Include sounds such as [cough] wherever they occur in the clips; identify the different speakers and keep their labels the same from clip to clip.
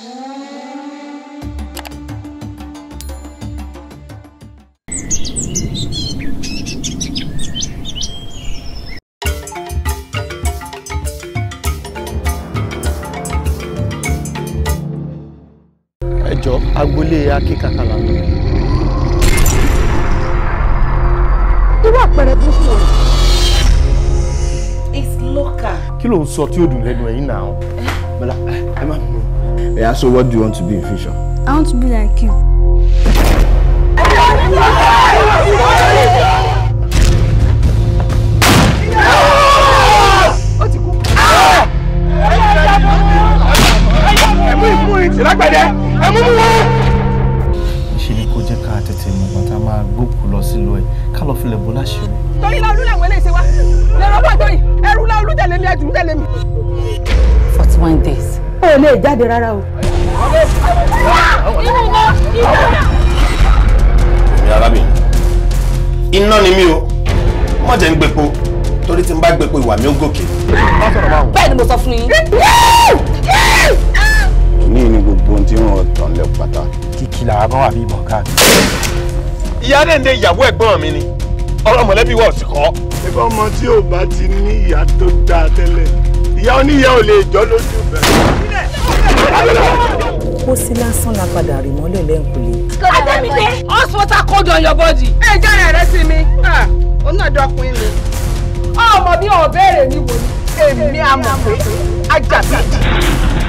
Speaker 1: ẹjọ agboolé akíkàkà la lọ.
Speaker 2: irú àpẹẹrẹ burúkú
Speaker 3: it's local.
Speaker 1: kí ló ń sọ tí ó dùn lẹ́nu ẹ̀yin náà. Eh? bọ́lá ẹ má mú un. Yeah, so what do you want to be in future?
Speaker 3: I want to be like you.
Speaker 4: ṣe ni kò jẹ́ ká tètè mọ̀ bàtà máa
Speaker 5: gbókù lọ sílùú ẹ̀ ká lọ́ọ́ filẹ̀ bó láṣìírí.
Speaker 6: torí la olú làwọn eléyìí ṣe wá lẹ́rọ bọ́jọ́ yìí
Speaker 2: ẹrú la olú tẹ̀lé mi ẹ̀dùn tẹ̀lé mi.
Speaker 5: forty one days
Speaker 6: ò lè jáde rárá o.
Speaker 4: èmi
Speaker 1: arábìnrin iná ni mí o má jẹ́ ń gbẹpo torí tí n bá gbẹpo ìwà mi ó gòkè.
Speaker 3: bẹ́ẹ̀ ni mo sọ fún yín.
Speaker 1: ní ní gbogbo ohun tí ń ràn tán lẹ pátá. kìkì làwọn kan wà bí ìbọn káàkiri. ìyá dẹ́ndé ìyàwó ẹ̀gbọ́n mi ni ọ̀rọ̀ mọ̀lẹ́bí wa ò sì kọ́. ẹ̀fọ́ ọmọ tí ò bá ti ní ìyá tó dáa tẹ́lẹ̀ ìyá oníyẹ lè jọ́ lójú bẹ̀rẹ̀
Speaker 5: ó sí lásán la padà rì mọ́lẹ̀ lẹ́ǹkulé.
Speaker 4: adémídé
Speaker 1: hospital cold on your
Speaker 2: body. ẹ jára rẹ sí mi ó náà dọkùn mi. ọmọ bí ọ̀bẹ́rẹ̀ mi wò ni èmi àmọ̀ pé ajá bíi.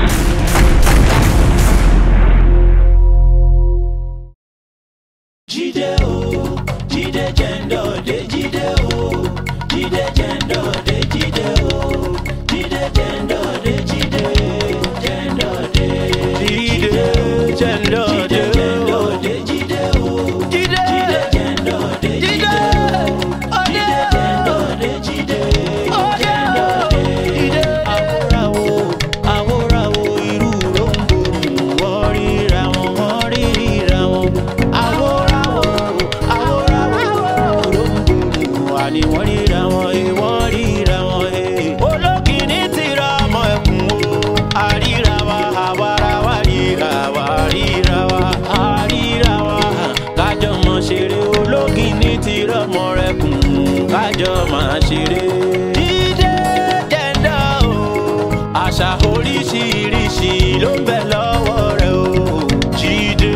Speaker 7: ló ń bẹ lọ́wọ́ rẹ̀ o Jídé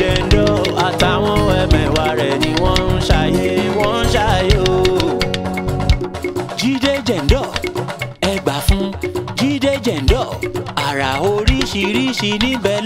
Speaker 7: Jẹ̀ndọ́ àtàwọn ẹ̀mẹ̀wà rẹ̀ ni wọ́n ń ṣàyè wọ́n ń ṣàyè o. Jídé Jẹ̀ndọ́ ẹ oríṣiríṣi níbẹ̀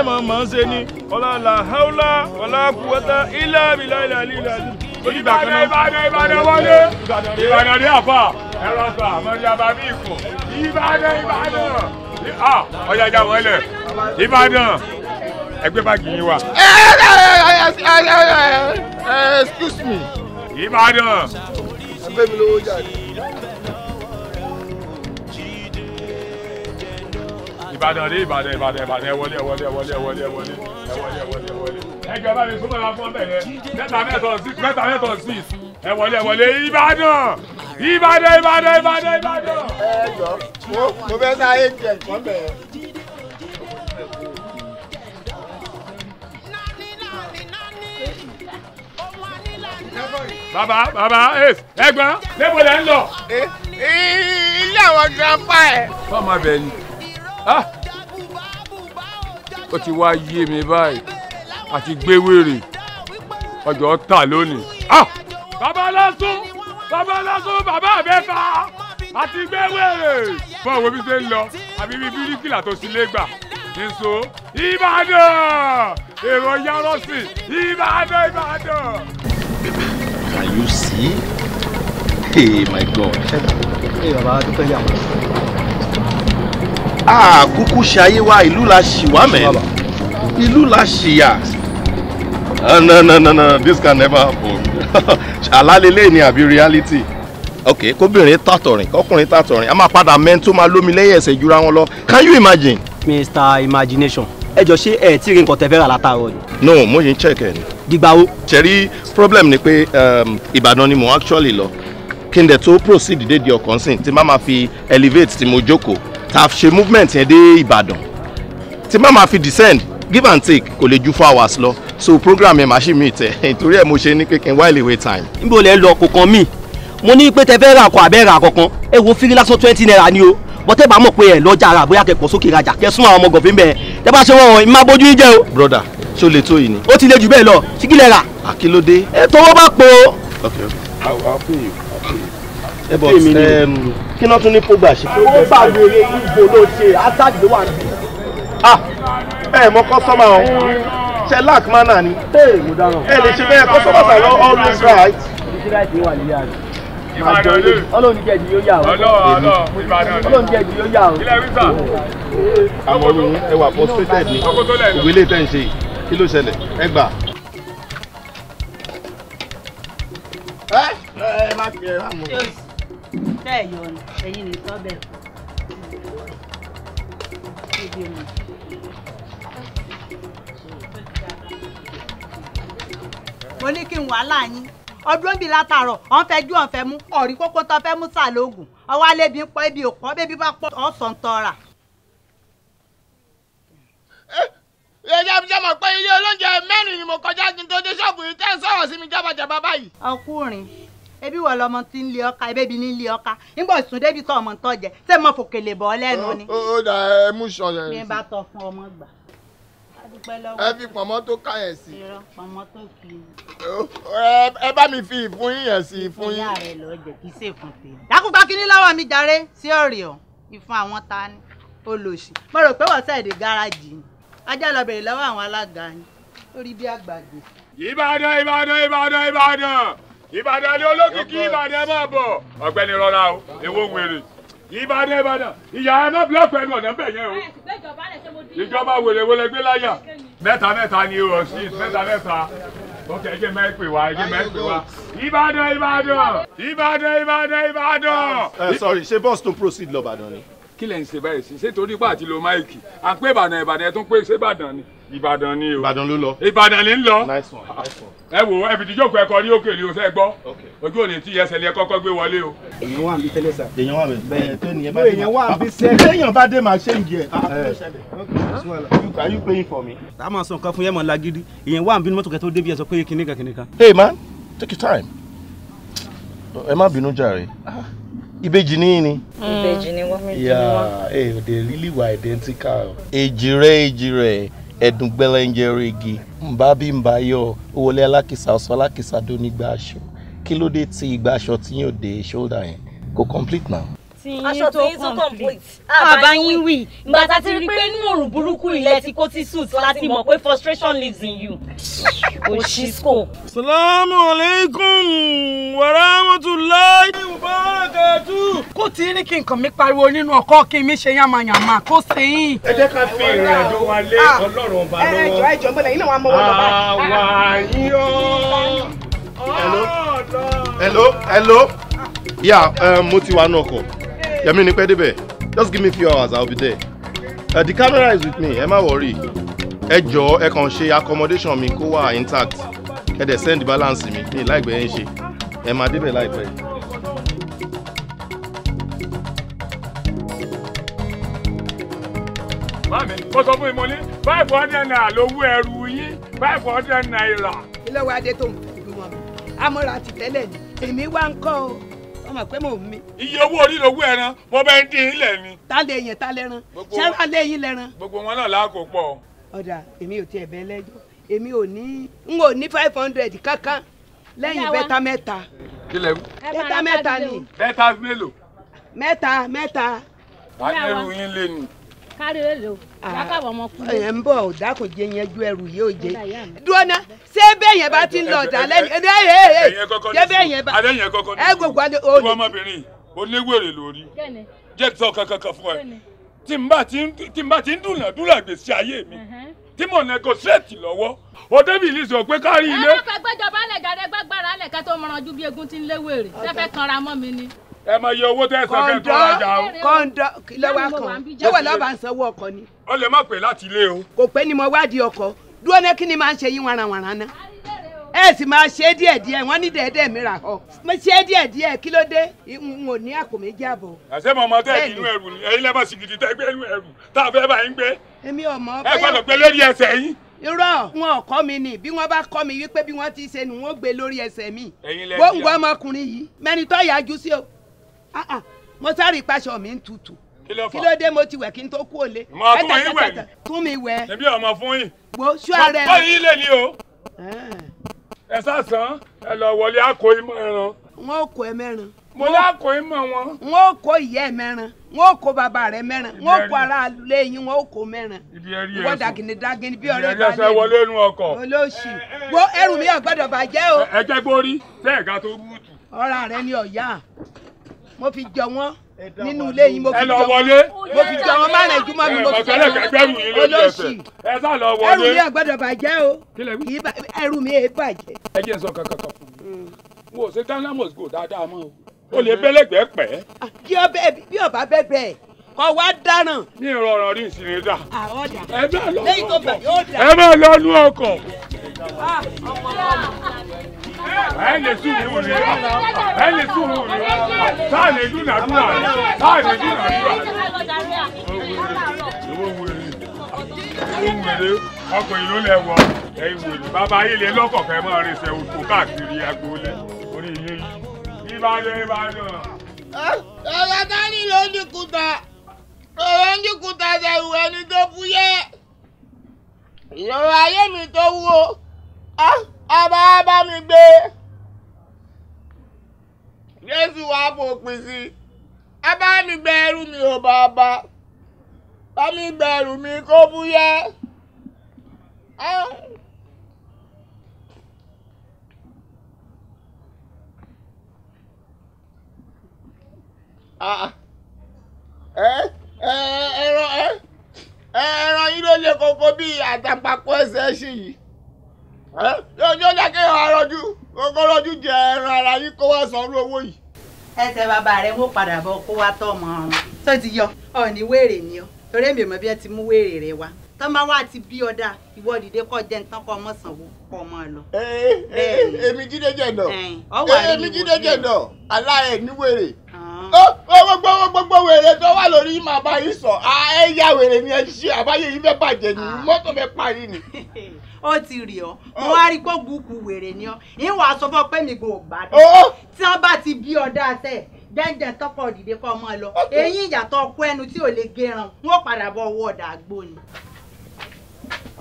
Speaker 1: ẹ mọ̀ mọ̀ ń ṣe ni ọlọ́lá haúlá ọlọ́kùwọ́tà ilá ìlà ìlà ìlà onígbà kan náà. Ìbàdàn Ìbàdàn wọlé Ìbàdàn ní àfà ẹ̀rọ sọ àmọ́jábá bí ìkọ̀ Ìbàdàn Ìbàdàn ọjà ìjà wọlé Ìbàdàn ẹgbẹ́ bá gìyìn wa. excuse me. Ìbàdàn. ẹgbẹ́ mi lówó jáde. ìbàdàn dé ìbàdàn ìbàdàn ìbàdàn ẹ wọlé ẹ wọlé ẹ wọlé ẹ wọlé ẹ wọlé ẹ wọlé ẹ wọlé ẹ wọlé ẹjọ bá mi súnmọ́ ẹ wá fún ọbẹ̀ yẹn mẹ́ta mẹ́tọ̀ six mẹ́ta mẹ́tọ̀ six ẹ wọlé ẹ wọlé ìbàdàn ìbàdàn ìbàdàn ìbàdàn ìbàdàn. ẹ jọ mo mo fẹ́ sá atm kan bẹ̀ yẹn. bàbá bàbá ẹ̀gbọ́n lẹ́bọ̀lẹ̀ ń lọ.
Speaker 4: ilé
Speaker 1: àwọn grandpa ẹ̀. bá a máa bẹ̀ ni. Ah! ó ti wá yé mi báyìí àti gbé ọjọ́ ta lónìí. Ah! bàbá lásán bàbá lásán bàbá mi fa àti gbé fún àwọn ibi tẹ́ ń lọ àbí ibi bíríkìlà tó sì lé gbà nìṣó ìbàdàn èrò yàrá ìbàdàn ìbàdàn. Can you see? Hey, my God. Hey, bàbá, dúpẹ́ yà àkúkú ṣayé wa ìlú la ṣì wá mẹ́ ìlú la ṣìyà. Ah, no no no no this can never happen [laughs] àlálélé ni àbí reality. ok kóbìnrin tàtọ̀rìn kọkùnrin tàtọ̀rìn a máa padà mẹ́ńtó máa lómi lẹ́yìn ẹsẹ̀ jura wọn lọ can you imagine. mr imagination ẹ jọ ṣé ẹ tí rí nǹkan tẹ fẹ́ látàárọ̀ ni. no mo ṣe ń check ẹ ni. dìgbà wo. ṣẹ̀rí problem ni pé um, ìbàdàn ni mo actually lọ kí n dẹ̀ tó proceed dédé ọkàn sí tí n bá máa fi elevate tí mo jókòó ta ṣe movement yẹn dé Ìbàdàn tí má máa fi descend give and take kò lè ju four hours lọ so program yẹn machine ṣì mí tẹ [laughs] nítorí ẹ mo ṣe ní kékin while away time. níbo lẹ lọ kò kàn mí mo ní pé tẹ fẹ́ ra àkọ àbẹ́ ra kankan ẹ wo fírí lásán twenty naira ni o bọ́tẹ́ bá mọ̀ pé ẹ lọ́jà ara bóyá kẹ̀kọ́ sókè rajà kẹsùn àwọn ọmọ gọ̀fín bẹ́ẹ̀ tẹ bá ṣe wọ́n ìmá bójú yín jẹ́ o. broda ṣó lè tó yìí ni. ó ti le jù bẹ́ẹ̀ lọ ṣíkìlẹ̀ rà. àkìlódé. ẹ tọwọ́ bá po. okay, okay. I I'll pay you but kí náà tún ní pogba ṣe. ó gbàgbére ibo ló ṣe asad ló wà níbi. ah ẹ mọ kọ́sọ́mà o ṣe lack manner ni ẹ lè ṣe bẹ́ẹ̀ customers are always right. Ọlọ́run jẹ́ ìdí yóò yà ó. Ọlọ́run jẹ́ ìdí yóò yà ó. Àwọn ọ̀run ẹwà frustrated ni ìwé lè tẹ̀ ń ṣe kí ló ṣẹlẹ̀ ẹ gbà. Ẹ ẹ má ti ẹ má mú ṣe ẹ
Speaker 5: yọ ni ẹyin ní sọ bẹ́ẹ̀ ibi mu. mo ní kí n wàhálà yín ọdún bíi látàárọ̀ ọ̀n fẹ́ ju ọ̀n fẹ́ mú ọ̀rí kókó tán fẹ́ mú sàlóògùn ọwọ́ alẹ́ bí ń pọ́ ibi òpọ́ bébí bá pọ́ ọ̀sán tọ́ra.
Speaker 1: èdè àbújá mọ̀ pé ilé olóúnjẹ mẹ́rin ni mo kọjá kí n tó dé ṣọ́ọ̀bù yìí tẹ́ ń
Speaker 5: sọ̀rọ̀ sí mi jábàjábá báyìí. ọkùnrin ebi wọ lọmọ tí ń lé ọkà ebébi ní lé ọkà nígbà ìsún débi tó ọmọ tó jẹ ṣé mo fòkèlè bọ lẹ́nu ni.
Speaker 1: ó dà ẹ mú sọ yẹn. mi bá tọ fún ọmọ gbà. ẹ fi pọ̀nmọ́ tó ká yẹn sí. irọ́ pọ̀nmọ́ tó fi. ẹ bá mi fi ìfún yín yẹn sí ìfún yín. ìyá rẹ lọ jẹ kí ṣe fún tèmi. dákúgbà kínní
Speaker 5: lọ́wọ́ mi jàre sí ọ̀rẹ́ ọ̀ ìfún àwọn ta ni olóṣì mo rò pé wọ́n sẹ́ẹ̀dẹ̀ gáràjì ni ajá lọ bèrè lọ́wọ́ àwọn alága ni lórí bí àgbàgbé.
Speaker 1: Ìbàdàn Ìbàdàn Ìbàdàn Ìbàdàn ìbàdàn ni olókìkí ìbàdàn máa bọ̀ ọ̀gbẹ́ni rọra o ewo wèrè ìbàdàn ìbàdàn ìyá ẹ má bílọ̀kù ẹnu ọ̀nà bẹ̀ yẹn o ìjọba wèrè wọlé gbé láyà mẹ́ta mẹ́ta ni o sí mẹ́ta mẹ́ta ok ẹ jẹ́ mẹ́rin pè wá ẹ jẹ́ mẹ́rin pè wá ìbàdàn ìbàdàn ìbàdàn ìbàdàn ìbàdàn. Eh, eh, sorry ṣé bus to proceed lọ ìbàdàn ni. kí lẹ́yìn ṣe báyìí sí ṣé torí pé àti lo máìkì à ń pè ìbàdàn ìbàdàn ẹ̀ tún pé ṣé ìbàdàn ni ìbàdàn ni o ìbàdàn ló lọ ìbàdàn ni ń lọ ẹ wo ẹ fìdí jókòó ẹkọ ní òkèlè o fẹ gbọ́ ojú òní tí ẹsẹ̀ lẹ kọ́kọ́ gbé wọlé o. èèyàn wà ń bí tẹ́lẹ̀ èèyàn wà bẹ́ẹ̀ tó nìyẹn bá dé èèyàn wà bí sẹ́ẹ̀. téèyàn bá dé máa ṣe ń jẹ. are you paying for me. tá a máa sọ nǹkan fún yẹn mọ̀ èèyàn wà bínú mọ́tò kẹ́ tó débi ẹ̀ sọ pé kìnìkan kìnìkan. hey man take your time ẹ má bínú jàre ah, ìbejì ni ni.
Speaker 4: Hmm. ìbejì ni wọ́n méjì ni wọ́n.
Speaker 1: ẹ ò dé really were èjì rẹ èjì rẹ ẹ̀dùn gbẹlẹ́njẹ mbabi ǹbá bí ǹbá yọ owólé alákìsà ọ̀sán alákìsà dónígbà aṣọ kí ló dé tí ìgbà tí yóò dé ṣọ́ọ̀dà yẹn kò complete now
Speaker 6: aṣọ tí yín tó complete àbáyín ah, ah, wì ìgbà tá a ti rí pé nínú òrùn burúkú ilẹ̀ tí kò
Speaker 1: ti suit láti mọ̀ pé
Speaker 6: frustration lives in you
Speaker 1: [laughs] òṣìṣkò. salamu aleykum wa rahmatulahi wa barakatu.
Speaker 2: kó tí ní kí nǹkan mi pariwo nínú ọkọ kí mi ṣe yàmàyàmà kó ṣe yín. ẹ jẹ́ ká fi ìrìn àjò wa lé ah, ọlọ́run ọba lọ́wọ́. ẹ jọ ẹ jọ ń bọ̀lẹ̀ yín náà wàá mọ̀ wọ́n
Speaker 4: lọ́ba.
Speaker 1: àwa yín hello hello hello yeah, um, mo ti wà nù ọkọ̀. Yẹmi ni pẹ́ débẹ̀. Just give me a few hours, I'll be there. Uh, the camera is with me, Am I worried? Ejo, jọ̀ọ́ ẹ kàn accommodation mi kó wà intact. E de send balance mi, mi be ẹ ń ṣe. Ẹ máa like be? Bámi, mo sọ fún ìmọ̀lẹ́, five hundred naira Lo ẹrù yín, five hundred naira. Ilé wa de tó ń fi gbìmọ̀ mi,
Speaker 2: amọ̀ra ti tẹ́lẹ̀ ni, èmi wá ń o wọ́n mọ̀ pé mò ń mi.
Speaker 1: iye owó orílẹ̀-èdè ẹran mo bẹ́ẹ̀ ń dín in lẹ̀ ni.
Speaker 2: ta lè yẹn ta lẹ́ran ṣẹ́ra lé yín lẹ́ran.
Speaker 1: gbogbo wọn náà láàkó pọ̀.
Speaker 2: ọ̀dà èmi ò tiẹ̀ bẹ́ẹ̀ lẹ́jọ́ èmi ò ní n ò ní five hundred kankan lẹ́yìn bẹ́tà mẹ́ta.
Speaker 1: kílẹ̀ wù. bẹ́tà mẹ́ta ni. bẹ́tà mélòó.
Speaker 2: mẹ́ta mẹ́ta. wàá nẹ́rù yín lé ni kárí rẹ o dákàwọ
Speaker 5: ah. ọmọ kú. ẹ ń
Speaker 2: bọ̀ ò dákun jẹ yẹn ju ẹrù yìí ò jẹ dúró ná ṣé bẹ́ẹ̀ yẹn bá ti ń lọ ọ̀tà
Speaker 4: lẹ́nu ẹ ẹ ẹ ṣé bẹ́ẹ̀ yẹn bá ẹ gbogbo
Speaker 1: àdé olè. ìwọ ọmọbìnrin oníwèrè lórí jẹ́ sọ kankan fún ẹ tí n bá ti ń dúnàdúrà gbèsè ayé mi tí mò ń negotiate lọ́wọ́ o débìlì sọ pé kárí ilé. ẹ
Speaker 5: bá fẹ́ gbẹ́jọba
Speaker 6: lẹ̀ jáde gbẹ́gbàrà lẹ̀ kẹ́ tó mọ̀ràn ju bí egun ti ń léwèrè tẹ́fẹ́ kanra mọ́ mi ni
Speaker 1: ẹ mọ iye owó tẹ́ ẹ san kẹ́ tó rajà o. kọ́ńdọ́ lọ́wọ́ kan lọ́wọ́ lọ́ba ń sanwó ọkọ ni. ó lè má pè láti
Speaker 2: ilé o. kò pé ni mo wádìí ọkọ dúró ní kí ni máa ń ṣe yín wàràwàrà náà ẹ sì máa ṣe é díẹ̀ díẹ̀ wọ́n ní dẹẹdẹ mi rà ọ mo ṣe é díẹ̀ díẹ̀ kí ló dé n ò ní àpò méjì
Speaker 1: àbọ̀. àṣé mọ̀mọ́ tẹ́ ẹ̀ nínú ẹrù ni ẹ̀yin lẹ́bàá sìgìdì tẹ́ gbé nínú ẹrù tá a fẹ́ bá yín gbé. èmi ò
Speaker 2: mọ bẹ́ẹ̀ ẹ gbọ́dọ̀ gbé lórí ẹsẹ̀ yín. irọ́ wọn ò kọ́ mi ni bí wọ́n bá kọ́ mi wípé bí wọ́n ti ṣe nù wọ́n gbé lórí ẹsẹ̀ mi. ẹ̀yin lẹ́yìn Ah, ah. mo sáré ìpasọ̀ mi ń tutù kí ló dé mo ti wẹ̀ kí n tó kú òle. mo tún yín wẹ̀ ni tún mi wẹ̀.
Speaker 1: ẹbí ọmọ fún yín. wo sú ààrẹ rẹ. wọ́n yín lè ní o. Ah. ẹ sàsán ẹ lọ wọlé àkó imọ̀ ẹran. wọn ò kó ẹ mẹ́rin. mo lọ àkó imọ̀ wọn. wọn
Speaker 2: ò kó ìyá ẹ mẹ́rin wọn ò kó bàbá rẹ mẹ́rin wọn ò kó ara lẹ́yìn wọn ò kó mẹ́rin. ibi ẹrí ẹsùn ìwọ dàgìnì dàgìnì bí ọ̀rẹ́ ìbálẹ̀. ìrẹsẹ̀ wọlé inú ọkọ̀. olóòṣì wo ẹrù mi ò gbọ́dọ̀ bàjẹ́
Speaker 1: o. ẹ jẹ́ gbórí
Speaker 2: mo fi jọ wọn nínú ilé yìí mo fi jọ wọn mo fi jọ wọn má rẹ jùmọ mi mo fi jọ wọn olóòsì
Speaker 4: ẹrù mi
Speaker 2: àgbọ́dọ̀ bàjẹ́ o ẹrù mi èé bàjẹ́.
Speaker 8: ẹ jẹ́ sọ kankan kan fún mi mo mm. ṣe dynamis go dáadáa mọ́ o o lè bẹ́lẹ̀gbẹ́ pẹ́. Ah,
Speaker 2: bí ọba bẹ́ẹ̀ bẹ́ẹ̀ kọ wá dáràn. ní ìrọ̀rùn rí ìsinmi ah, dà.
Speaker 4: ẹ bẹ́ẹ̀ lọ́nu ọkọ̀ ẹ bẹ́ẹ̀ lọ́nu ọkọ̀. Ah,
Speaker 1: ẹ lè sùúrù rẹ
Speaker 4: ẹ lè sùúrù rẹ táà lè dúnàdúrà rẹ táà lè dúnàdúrà
Speaker 1: rẹ ọkọ̀ ìlú lẹ́wọ̀ ẹ̀yìn wòlé bàbá ayélé lọ́kọ̀ọ̀kẹ́ mọ́ rẹ̀ ṣe oko káàkiri agboolé orí yín yìí ìbàdàn ìbàdàn. ọ̀rọ̀ dání ló ń dìkùtà ọ̀rọ̀ ń dìkùtà ṣẹ̀rù ẹni tó fúyẹ́ ìrora ayé mi tó wúwo. Ah! ọba bá mi gbé jésù wá fòpin sí ọba mi gbé ẹrù mi ò bàbá bá mi gbé ẹrù mi kó búyẹ́ ẹ̀rọ yìí ló lè kókó bí àtàpàkò ẹsẹ̀ yóò jẹ́ kí ọ̀hún arọ́jú kókó rọ́jú jẹ ẹran ara yín kó wá sanwó owó yìí. ẹsẹ̀ bàbá rẹ̀ wọ́n padà bọ̀
Speaker 5: kó wá tọ̀ ọmọ ọ̀run. tó ti yọ ọ̀ọ́ni wéèrè ni ọ torí èmi mọ̀ bí ẹ ti mú wéèrè rẹ wá tán bá wà ti bí ọ̀dà ìwọ dìde kọ́ jẹ́ nǹkan kọ́ ọmọ sanwó
Speaker 1: kọ́ ọmọ lọ. èmi jíde jẹ̀dọ̀ èmi jíde jẹ̀dọ̀ aláìníwèrè gbogbo gbogbo wèrè tó wà lórí mà bá yín sọ ẹyà wèrè ni ẹ ṣe àbáyé yìí fẹ́ bàjẹ́ ni ah. mọ́tò fẹ́ parí ni. [laughs] ó ti rí ọ mo wá rí pé gúúkú wèrè ni ọ
Speaker 5: ìwà sọ fún ọ pé mi kò gbádùn tí wọn bá ti bí ọdá sẹ dẹ́ndẹ̀n tọkọ òdìdé kọ́ ọmọ lọ eyín ìyàtọ̀ ọkọ ẹnu tí ò lè gẹran wọn padà bọ̀ wọ ọ̀dà àgbò ni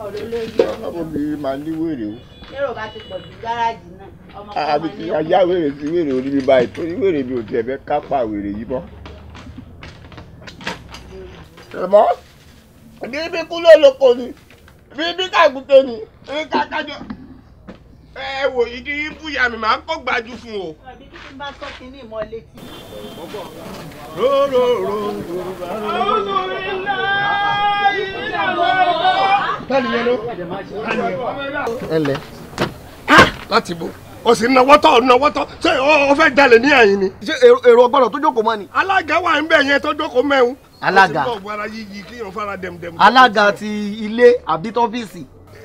Speaker 1: ọ̀rọ̀ ló yẹ ọ́. ọmọbìnrin máa ní wèrè o.
Speaker 5: lérò bá ti pọ̀ ju gáràjì náà.
Speaker 1: àbí ti ajá wèrè sí wèrè orí mi báyìí torí wèrè mi ò tiẹ̀ fẹ́ kápá wèrè yìí mọ́. ṣùgbọ́n bí bí kú ló lóko ni bí bí kàgùtò ni bí kákájọ ẹ wò ìdí búyà mi máa ń kọ́ gbájú fún o.
Speaker 5: àbí kí n bá sọ kínní ìmọ̀ yẹn
Speaker 1: ló ẹlẹ láti bò o sì nawọ́ tọ́ nawọ́ tọ́ ṣé o fẹ́ dalẹ̀ ní àyìn ni. ṣé èrò ọgbọ́dọ̀ tó jókòó mọ́ ni. alága wà ń bẹ̀ yẹn tó jókòó mẹ́wọ́. alága alága ti ilé àbí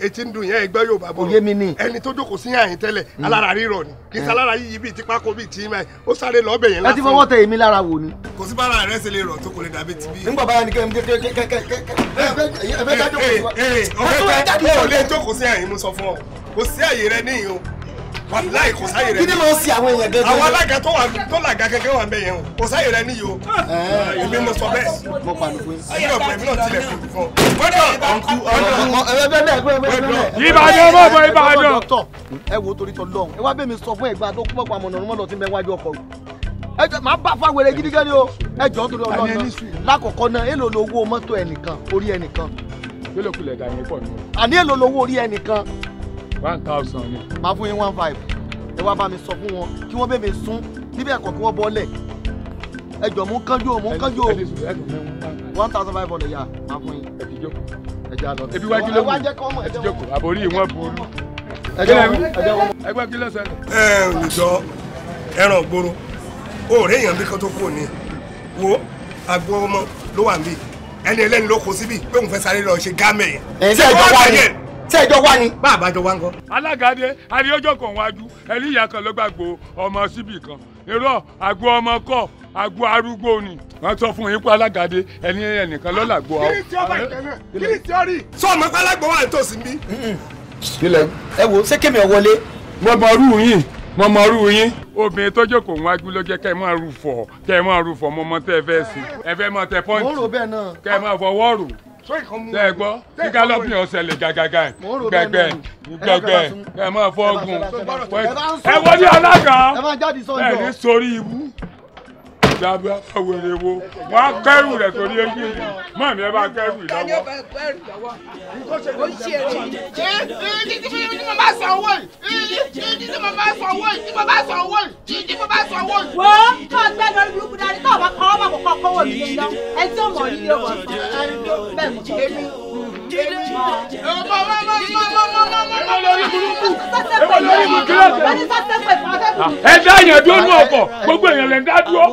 Speaker 1: etí ń dùn yẹn ẹgbẹ́ yóò bá bọ̀ òye mi ni ẹni tó jókòó sí àyìn tẹ́lẹ̀ alára rírọ̀ ni kì í sálára yíyí bíi tipákó bíi tí mà ó sáré lọ́ọ̀bẹ̀ yẹn lásán. láti fọwọ́ tẹ èmi lára wò ni. kò sí bára rẹ ṣe lè rọ̀ tó kò lè dàbí tibí. nígbà báyà ni kẹ́ ẹ ẹ ẹ ẹ wàláì kò sáyè rẹ. kí ni ṣe àwọn èèyàn gẹ́gẹ́. àwọn alága tó wà tó làgà gẹ́gẹ́ wà bẹ́ẹ̀ yẹn o kò sáyè rẹ níyì o. èmi mo sọ bẹ́ẹ̀. mo pàdé pé. ayé ọ̀pẹ̀ mi náà tilẹ̀ fún mi fún ọ. ìbàdàn mọ̀ bọ̀ ìbàdàn. ẹ wo torí tọ lọ́hùn ẹ wá bẹ́ẹ̀ mi sọ fún ẹ̀gbá tó kúmọ̀ pa ẹ jọ máa bá fáwẹrẹ gidi gẹ́ni o ẹ jọ nítorí ọlọ́run lákọ̀ọ́kọ́ náà èlò lówó mọ́tò ẹnìkan orí ẹnìkan. yóò lè kulẹ̀ gà yín pọ̀ nù. àní èlò lówó orí ẹnìkan one thousand ni. màá fún yín one five ẹ wá bá mi sọ fún wọn kí wọ́n bèbè sún bíbẹ̀ ẹ̀kọ́ kí wọ́n bọ́lẹ̀ ẹ jọ mú kánjú o mú kánjú o one thousand five hundred yà máa fún yín. ẹ ti jókòó ẹ jẹ́ àlọ́ ebi wá kí ló wù ẹ ti jókòó àbórí ìwọ̀n burú. ẹ gbọ́ kí ló ṣẹlẹ̀. ẹ ẹ ǹjọ ẹran gbòòrò òòrè èèyàn bí kan tó kúrò ní wo àgbo ọmọ ló wà níbí ẹni ẹlẹ́ni ló kó síbí pé òun fẹ́ sáré lọ ṣe gámẹ̀ yẹn. ẹ̀ ń sẹ́ ìjọba yẹn. sẹ́jọ́ wá ni. bá a bá jọ wá kan wájú ẹni kan ló ọmọ síbì kan àgbo ọmọ àgbo ni sọ fún yín pé ẹni ẹnìkan ló làgbo kí ni tí ọba ìtẹ̀lẹ̀ kí ni tí rí. sọ pé alágbó wà nítòsí mọ ọrú yín mọ ọrú yín. obìnrin tó wájú ló jẹ́ kẹ́ fọ̀ kẹ́ ẹ fọ̀ tẹ́ ẹ tẹ ẹ gbọ́ kí gálọ́pì ọ̀sẹ̀ lè gàgàgà gbẹgbẹ gbẹgbẹ ẹ máa fọ́ ọgùn ẹ wọ́n ní alága ẹ ní sórí ibu ìgbà bí a wọn á kẹrù rẹ torí ebi rẹ mọ mi ẹ bá kẹrù ìlọwọ. kẹ́ni ó bẹ kẹrù ìlọwọ
Speaker 2: ó ṣe èrè yìí. títí mo bá sọ owó yìí títí mo bá
Speaker 5: sọ owó yìí títí mo bá sọ owó yìí títí mo bá sọ owó yìí. wo kọ́ ọgbẹ́ lórí burúkú darí tó o bá kọ́ ọ́ bá kọ́ kọ́wọ́ mi lé lọ ẹ tí ó mọ̀ ọ́ nílé wọn. bẹ́ẹ̀ mo kọ́ jíde
Speaker 4: mọ́. ọmọ ọmọ ọmọ ọmọ
Speaker 1: yẹn dúró ní ọkọ̀ gbogbo èèyàn lè dá dúró.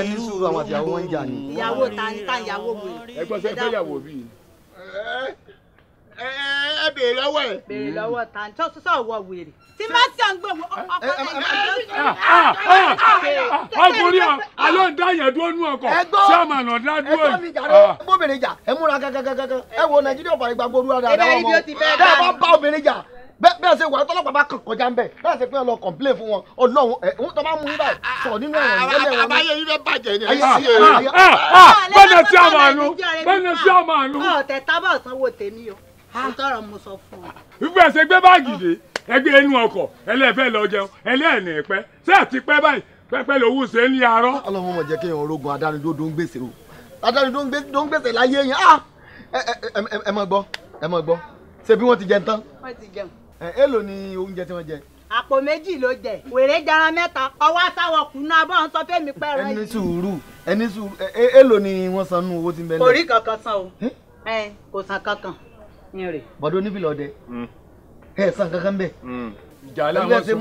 Speaker 1: ẹni sùúrù àwọn àti àwọn ìyàwó ń
Speaker 5: ìyàwó ta ni ta ìyàwó mi. ẹ gbọ́dọ̀ fẹ́ fẹ́ yàwó ẹ bèrè lọ́wọ́ ẹ. bèrè lọ́wọ́ ta ní sọ́sọ́ ọ̀wọ́ wèrè tí má sí àgbò
Speaker 4: ọkọ ọkùnrin alọ́ ń
Speaker 1: dá yẹn dúró nú ọkọ̀ sí àmà nà dá dúró. ẹgbọ́n mi jàre ẹgbọ́n obìnrin jà ẹ múra gàgàgàgà ẹ wo nàìjíríà ọ̀bàrẹ̀ gbàgbọ́ olúwa dáadáa wọn bẹ́ẹ̀ bá bá obìnrin jà bẹ́ẹ̀ ṣe wà á tọ́lọ́pàá bá kọjá ń bẹ̀ bẹ́ẹ̀ ṣe pé ọ lọ complain fún wọn ọlọ́run ẹ̀ ń tọ́ bá mú ibà sọ̀rọ̀ nínú ẹ̀wọ̀n ní ẹ̀wọ̀n ní. àbáyé yìí bẹ bàjẹ́ ni ẹ̀yìn sí èrè. bẹ́ẹ̀ ni sí àmàlú bẹ́ẹ̀ ni sí àmàlú.
Speaker 5: ọ̀tẹ̀ tábà sanwó tèmi o ó tọrọ mo sọ fún ọ.
Speaker 1: gbígbà ṣe gbé báàgì dé ẹgbẹ́ inú ọkọ̀ ẹlẹ́fẹ́ lọ jẹun ẹlẹ́ẹ̀nì ẹ̀pẹ́ ṣé àti pẹ́ báyìí pẹ́pẹ́ lòwú ṣe ní arọ́. ọlọ́run mọ̀ jẹ́ kí èèyàn rogun adánidó tó ń gbèsè o adánidó tó ń gbèsè láyé yẹn ah! ẹ mọ̀ gbọ́ ẹ mọ̀ gbọ́ ṣé bí wọ́n ti jẹun tán. wọ́n ti jẹun. ẹ èlò ni oúnjẹ tí wọ́n jẹ
Speaker 5: àpò méjì ló jẹ wèrè jaran mẹ́ta ọwọ àtàwọn kùnà abọ ń sọ fẹmi pẹ rẹ yìí. ẹni sùúrù
Speaker 1: ẹni sùúrù èèlò ni wọ́n san nínú owó tí ń bẹ lẹ. kò rí
Speaker 5: kankan san o hm? kò san kankan
Speaker 1: bọ̀dọ̀ onífìlọ́dẹ hmm. ẹ̀ sàn kankan bẹ́ẹ̀ hmm. ìjà aláwọ̀ sọ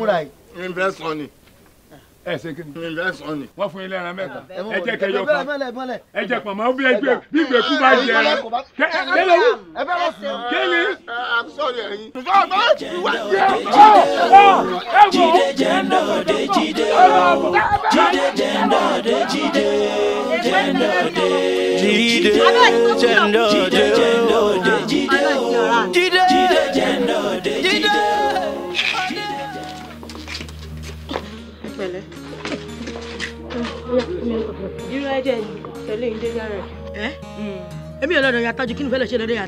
Speaker 1: ní fẹ́ sọ ni ẹ ṣe kí ni. ẹ fún ilé ẹran mẹ́ta ẹ jẹ́ kẹ́ yọ kan ẹ jẹ́ pọ̀nmọ́ bí ẹgbẹ́ bí ìgbẹ́ kú bá jẹ ẹran. kéle kéle. àbúsọ̀rọ̀ ẹ̀yin. ṣùgbọ́n ọ̀gá ẹ̀ ti wá sí ẹ̀. jíde
Speaker 7: jẹ́ndọ̀dé jíde ooo jíde jẹ́ndọ̀dé jíde
Speaker 6: pẹ̀lẹ́. irú ẹ̀jẹ̀ ni tẹ̀lé yín dé yàrá ẹ̀. Hmm. èmi ò lọ́dọ̀ ya kí ni fẹ́ẹ́ ṣe lọ́dọ̀ ya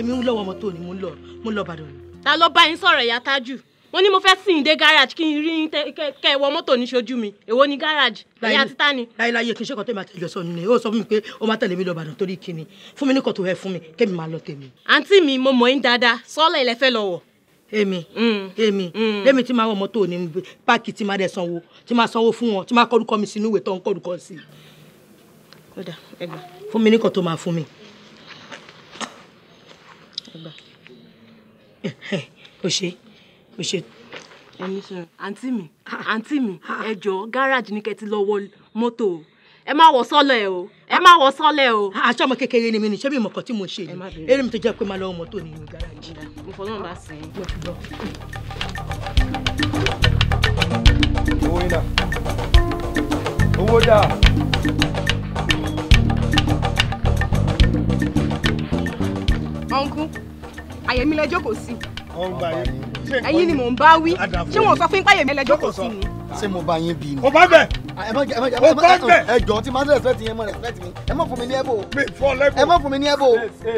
Speaker 6: èmi ń lọ́wọ́ ọmọ tó ni mo ń lọ mo ń lọ Ìbàdàn. ta ló bá yín sọ̀rọ̀ ya tájú wọ́n mo fẹ́ sìn dé garage kí n rí kẹ́ ẹ wọ mọ́tò ní ṣojú mi èwo ni garage ẹ̀yà títà ni. láyéláyé kí n ṣèkọ́ tó máa tẹ̀lé ọ̀sán ni ó sọ fún mi pé ó máa tẹ̀lé mi lọ Ìbàdàn torí kíni fún mi ní kò tó ẹ fún mi kémi máa lọ tèmi. àǹtí mi mo mọ̀ yín dáadáa sọ́ọ́lẹ̀ ilẹ̀ fẹ́ lọ wọ̀ èmi mm. èmi èmi mm. tí máa wọ mọ́tò ní páàkì tí máa dẹ̀ sanwó tí máa sanwó fún wọn tí máa kọ́rúkọ mi sínú ìwé tó ń kọ́rúkọ sí. kódà ẹgbà fún mi nìkan tó máa fún mi. [laughs] o ṣe o ṣe. àǹtí mi àǹtí mi ẹ jọ̀ọ́ gáràjì ní kẹ́ ti lọ wọ mọ́tò o ẹ má wọ sọlẹ o ẹ má wọ sọlẹ o. Ah, aṣọ ọmọ kékeré ni mi ni ṣé mi mọ̀kọ́ tí mo ṣe ni eré mi tó jẹ́ pé máa lọ́wọ́ mọ́tò nínú gáràjì. mo fọ́ náà bá sìn ín. mo ti lọ.
Speaker 1: owó iná owó dà.
Speaker 4: ọ̀nkú
Speaker 2: àyẹ̀mí lẹ́jọ́ kò sí. ọ̀ngbà yẹn. ẹ̀yin ni mò ń bá wí ṣé wọn sọ fún yín pé
Speaker 1: àyẹ̀mí lẹ́jọ́ kò sí ni ṣé mo bá yín bí ni. o bá bẹ. Ah, ẹ má bẹ. o bá bẹ. ẹ jọ tí màá respect yín mọ respect mi ẹ má fún mi ní ẹbọ. mi fọ lẹbọ. ẹ má fún mi ní ẹbọ.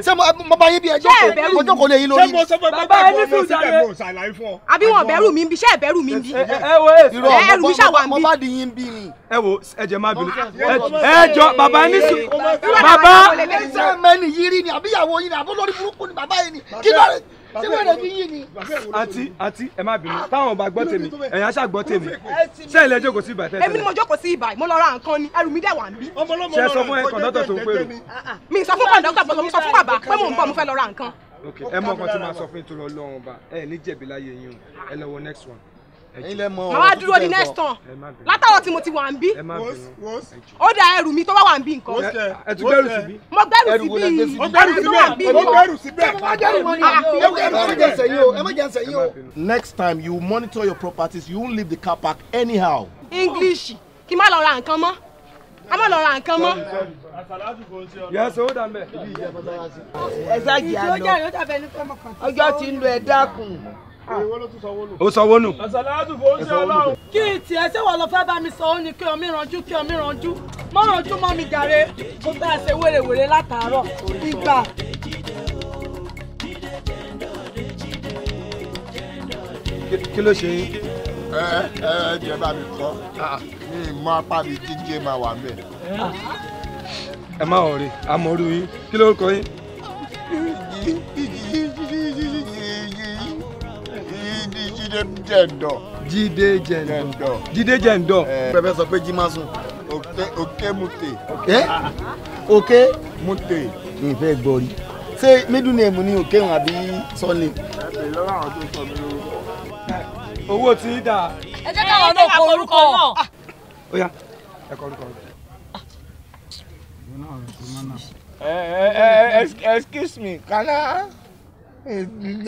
Speaker 1: ṣé mo bá yín bí ẹjọ́ kò mo jókòó lé yín lórí. ṣé mo sọ fún ẹ bá bẹ fún ọmọ sílẹ̀ mo ṣàlàyé fún ọ. àbí wọn bẹ̀rù mi bí ṣé ẹ bẹ̀rù mi bí. ẹ wo ẹrù mi ṣàwà ń bí. mo bá di yín bí ni. ẹ wo ẹ jẹ má bínú. ẹ jọ bàbá ẹ ní sùn. bàbá. ẹ sẹ́ mẹ́ni yìí rí ni àbí ìyàwó yìí ni àbó lórí burúkú ni bàbá yìí ni kí lóore ṣé wọ́n lè fi yí ni. àǹtí àǹtí ẹ má bínú ah, táwọn bá gbọ́ tèmi ẹ̀yin aṣá gbọ́ tèmi ṣé ẹ lè jókòó sí ibà tẹ́tẹ́. èmi ni mo
Speaker 2: jókòó sí ibà mo lọ ra nǹkan ni ẹrù mi dẹ̀ wà níbí. ṣe sọ fún ẹ kọ̀ńdọ́tọ̀ tó ń pèrò.
Speaker 4: Ah, ah, mi sọ fún kọ̀ńdọ́tọ̀ bọ̀ mo sọ fún bàbá pé mò ń bọ̀ mo fẹ́ lọ ra
Speaker 2: nǹkan.
Speaker 1: ẹ mọ ọkàn tí màá sọ fún ìtura Ọlọ́run ọba ẹ ní jẹ̀bi láyé yín o ẹ lọ wọ next one màá dúró di next turn látàwọn tí mo ti wà ń bí
Speaker 6: ó da ẹrù mi tó
Speaker 2: bá wà ń bí nǹkan. ẹ tún gbẹrù sí bí. mo gbẹrù sí bí mo mo gbẹrù sí bẹ́ẹ̀. mo gbẹrù sí bẹ́ẹ̀. ẹ má
Speaker 4: jẹ́
Speaker 1: nsẹ̀yìn ah, o ẹ má jẹ́ nsẹ̀yìn o. next time you monitor your properties you won't leave the car park anyhow.
Speaker 2: english kí n má lọ ra nǹkan mọ́ a má lọ ra nǹkan mọ́.
Speaker 1: yẹsẹ ó dà mẹ. ẹ ṣáà jẹ́ àlọ́
Speaker 4: ọjọ́ ti ń lọ ẹ
Speaker 1: dákun. Ah. ó sanwó nù. àṣàlàyé fún oúnjẹ ọlọ́run.
Speaker 6: kí tiẹ̀ ṣé wọ́n lọ fẹ́ bá mi sọ ó ní kí omi ranjú kí omi ranjú mọ́ ranjú mọ́ mi jàre mo fẹ́ ṣe wèrèwèrè látàárọ̀ ìgbà.
Speaker 1: kí ló ṣe yín. ẹ ẹ jẹ bá mi kọ ah, ah. mi mọ apá mi jíjẹ máa wà mẹ. ẹ má ọ̀rẹ́ àmọ́ yín kí ló yín. jíde jẹ̀ǹdọ̀. jíde jẹ̀ǹdọ̀. jíde jẹ̀ǹdọ̀. pẹpẹ sọ pé jimasun. òkè òkè mute. òkè òkè mute. ìfẹ́ gbọ́rí. ṣé middle name ni òkè wọn àbí sọ́ọ̀nì. ẹ̀sìn lọ́wọ́ àwọn tó sọ mí lórúkọ. owó tí ń dà.
Speaker 4: ẹ jẹ́ káwọn náà kọ orúkọ náà. Ah.
Speaker 1: ó yá ẹ kọ orúkọ rẹ. Excuse me, eh, can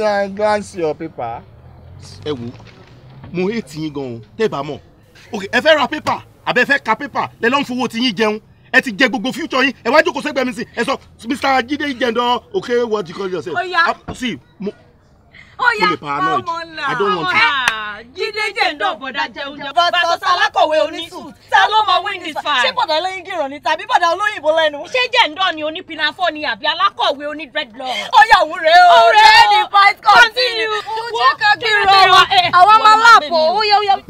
Speaker 1: I glance your paper? ẹ wo mo ètì yín gan-an tẹ́ bá mọ̀ ok ẹ fẹ́ ra pépà àbẹ fẹ́ ka pépà lẹ lọ́n fowó ti yín jẹun ẹ ti jẹ gbogbo future yín ẹ wá jókòó sẹ́gbẹ̀ẹ́ mi sí ẹ sọ Mr. Jide jẹndọ ok what you call yourself. oya ah, si mo
Speaker 3: mo le paranoid i don't want to. Jide jẹndọ
Speaker 6: bọ̀dá jẹ oúnjẹ. bàtọ sálákọ̀wé onísù ta ló máa win this ṣé bọ̀dá lóyún gíràn ni tàbí bọ̀dá olóyìnbó lẹ́nu. ṣé jẹndọ ni onípinafọ ni àbí alákọ̀wé oní oya òun o. òun
Speaker 3: ni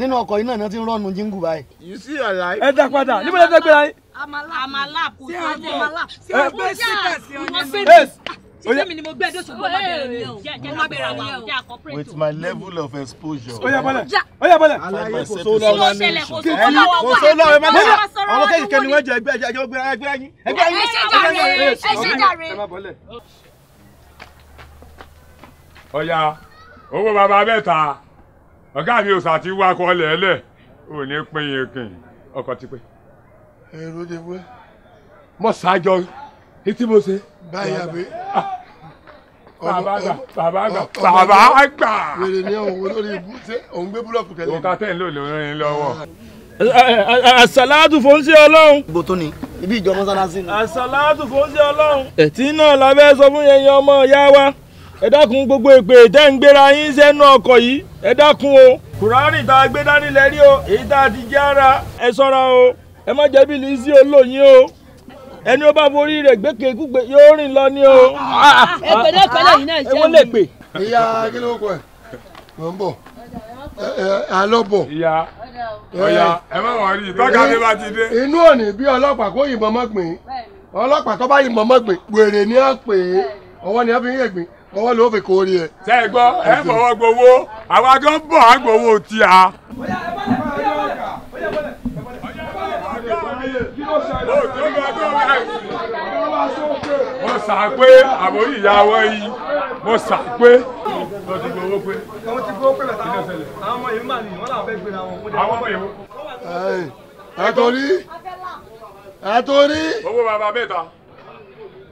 Speaker 2: nínú ọkọ̀ iná náà ti ń rọ́ọ̀nù jíngù báyìí. you see your life. ẹ dá padà níbo lè fẹ́ gbéra yín.
Speaker 5: àmàlà
Speaker 6: kò sọ́jọ́ àmàlà kò sọ́jọ́ sísèmi ni mo gbé ẹdọ ṣùgbọ́n má bẹ̀rẹ̀
Speaker 4: mi o
Speaker 1: jẹ́ má bẹ̀rẹ̀ àwọn àwọn jẹ́ with my level of exposure. ó yá bọ́lẹ̀ ó yá bọ́lẹ̀. alaye kò sówó lọ́wọ́ ní ìṣù kò sówó lọ́wọ́ má bẹ̀rẹ̀ àwọn kẹ́kẹ́ kẹ́ni wọ́n jẹ ẹgbẹ́ ẹgbẹ́ ẹgbẹ́ ẹgbẹ́ yín. ẹ ṣe jàre ẹ ṣe jàre. ó yá owó bàbá bẹ́ẹ̀ ta ọ̀gá mi ò sàti wákọ̀ lẹ́lẹ̀ ò ní pín in kìn ọkọ̀ ti pé. ẹ̀rọ de wẹ́. mo ṣàjọ etí mo ṣe. báyà bí. Ah. bàbá àgbà bàbá àgbà bàbá àgbà. wèrè ni òun olórí ibú ṣe òun gbé búlọ̀kù tẹ̀lé. òun ká tẹ̀ ń lò lórí lọ́wọ́. àṣàládù fòun sí ọlọ́run. ibo tó ni ibi ìjọ mọ́sálásí ni. àṣàládù fòun sí ọlọ́run. ẹ̀tí náà la fẹ́ sọ fún yẹn ọmọ ìyá wa. ẹ dákun gbogbo ń gbéra yín sẹ́nu ọkọ̀ yìí ẹ dákun o kùránì tá a gbé dání o èyí tá a ẹ sọ́ra o ẹ má jẹ́ bí lìí o ẹni ó bá forí yóò rìn lọ ni o. yìí náà ṣe é. lè pè. ìyá
Speaker 4: kọ bá ti
Speaker 1: dé. inú òní bí kó yìnbọn gbìn tó bá yìnbọn gbìn ni pè é ni ọwọ́ ló fi kórè ẹ. tẹ ẹ gbọ́ ẹ fọwọ́ gbowó àwa gan bọ̀ á gbowó tí a. mo sà pé àbò ìyàwó yìí mo sà pé mo ti gbowó pé. mo ti gbowó pé bàtà àwọn ọmọ yìí mà ní wọn làwọn fẹ́ gbé ra wọn. àwọn ọmọ yìí. ẹ torí ẹ torí. owó bàbá mẹ́ta.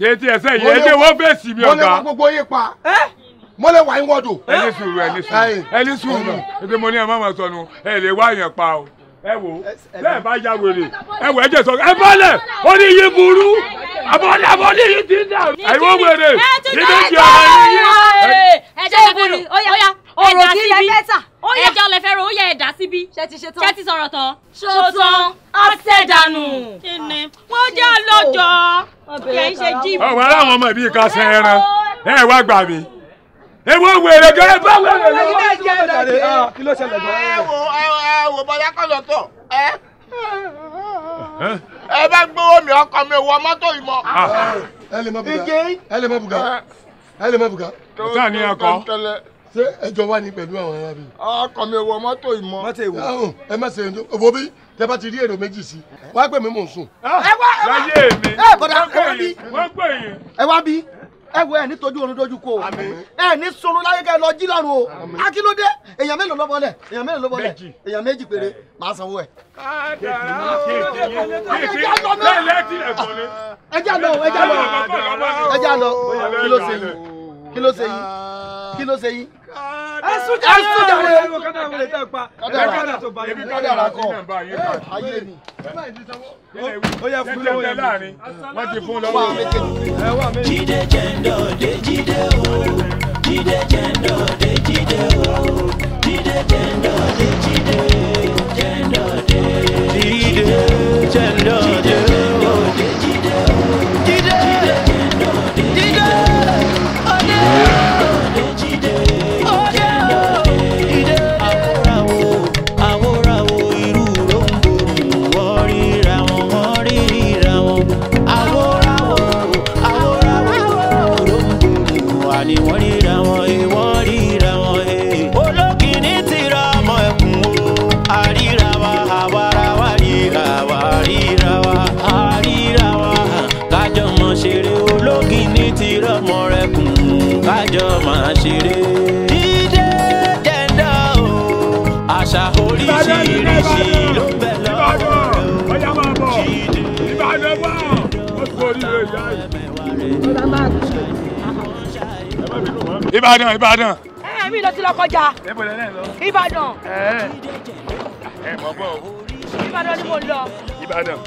Speaker 1: tètè ẹsẹ yìí ẹdẹ wọn fẹẹ sì mí ọgá. mo lè wá gbogbo yín pa mo lè wá yín wọdò. ẹni sùúrù ẹni sùúrù ẹni sùúrù ẹdẹ mo ní ẹ má máa sọnù ẹ lè wá yẹn pa o ẹ wò
Speaker 4: bẹ́ẹ̀
Speaker 1: ya wèrè ẹ wò ẹ jẹ sọ ẹ bọ́lẹ̀ ó ní iye burú àbọ̀lẹ̀ àbọ̀lẹ̀ yìí ti dà àìwọ́ wèrè nínú
Speaker 4: ìdí
Speaker 3: ọ̀rọ̀ yìí. ẹ jẹ́ ìbùrù ó yá ọ̀rọ̀ kí lẹ fẹ́ tà. ó yẹ ẹja ọ̀lẹ̀ fẹ́ ro ó yẹ ẹ̀dá síbí. ṣe ti ṣe tán ṣe ti sọ̀rọ̀ tán. ṣòtàn àṣẹdànù. kí ni wọ́n ah. jẹ́ lọ́jọ́ kì ṣe jíìpù. ọ̀wọ́n aláwọn ọmọ ìbí kan sẹ́yìn
Speaker 1: ẹran ẹ̀ wá gbà mí ewu wèrè gẹrẹ bá wèrè lọ. kí ló ṣẹlẹ̀ gan. ẹ wo ẹ wo bọ́lá kọ́ lọ tọ̀ ẹ. ẹ bá gbowó mi ọkọ mi wọ mọ́tò yìí mọ́. Ah. ẹ lè mọ bùgá ẹ lè mọ bùgá ẹ lè mọ bùgá. ọ̀tá ni ẹ kọ́ ṣé ẹjọ́ wà ní pẹ̀lú àwọn arábì. ọkọ mi wọ mọ́tò yìí mọ́. mọ́tò ìwọ. ẹ má ṣe ẹjọ́ òbó bí tẹ bá ti rí èrò méjì sí wàá pè mí mò ń sùn. Ah. ẹ wá ẹ wá bí ẹ wá bí ẹ wo ẹ ní tójú oorun dojú kó o ẹ ní sunun láyé ká ẹ lọ jí lọ́rùn o akílódé èèyàn mélòó ló bọ́lẹ̀ èèyàn mélòó ló bọ́lẹ̀ èèyàn méjì péré màá sanwó ẹ. ẹ já lọ ẹ já lọ ẹ já lọ kí ló ṣe yín kí ló ṣe yín kí ló ṣe yín
Speaker 4: ẹsùjà ẹsùjà wọlé ẹwọ
Speaker 1: kádàrà wọlé tẹ pa ẹbí kádàrà tó bá yẹn ẹbí kádàrà kọ ayé mi.
Speaker 4: ó yẹ fún lọ́wọ́ yẹn
Speaker 1: láàrin wọn ti fún lọ́wọ́ yẹn. jíde jẹ́ńdọ̀ dé jíde o jíde jẹ́ńdọ̀ dé jíde o jíde
Speaker 7: jẹ́ńdọ̀ dé jíde jẹ́ńdọ̀ dé jíde jẹ́ńdọ̀ dé. kájọ máa ṣeré. dídé jẹ́ńdà o àṣà oríṣiríṣi ló ń bẹ lọ́wọ́ Ibadan. o
Speaker 1: jíde ìbàdàn
Speaker 2: ti lọ kọjá ìbàdàn.
Speaker 1: ẹ̀ẹ́ mọ̀ bọ̀ o. ni mo lọ. Ìbàdàn.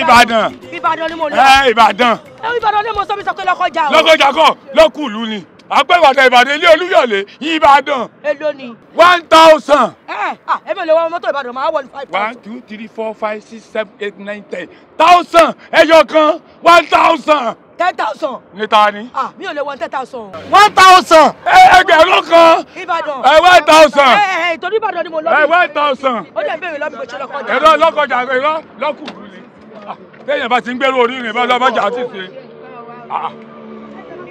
Speaker 1: Ibadan.
Speaker 6: Ibadan ni mo lọ. Ìbàdàn. Ibadan ni mo sọ mi sọ pé lọ́kọjà o. Lọ́kọjà kọ́
Speaker 1: lọ́kùlù ni àpẹ̀wàdà ìbàdàn ilé olúyọ̀lé ìbàdàn. èlò ni. one thousand. ẹ ẹ èmi ò ìbàdàn máa wọ ní five thousand. one two three four five six seven eight nine ten thousand ẹyọ kan one thousand. ten thousand. ní ta ni. ah mi ò lè wọ ten thousand. one thousand. ẹ ẹgbẹ̀rún kan.
Speaker 6: ìbàdàn. ẹ one thousand. ẹ ẹ ìtòrí ìbàdàn ni mo lọ. ẹ one thousand.
Speaker 1: ó dẹ̀ bẹ̀rẹ̀ lọ́bì kò ṣe lọ́kọjà. ẹ̀rọ lọ́kọjà ẹ̀rọ lọ́kùnrin. téèyàn bá ti ń gbèrò orí rìn bá lọ́bàjà ti ṣe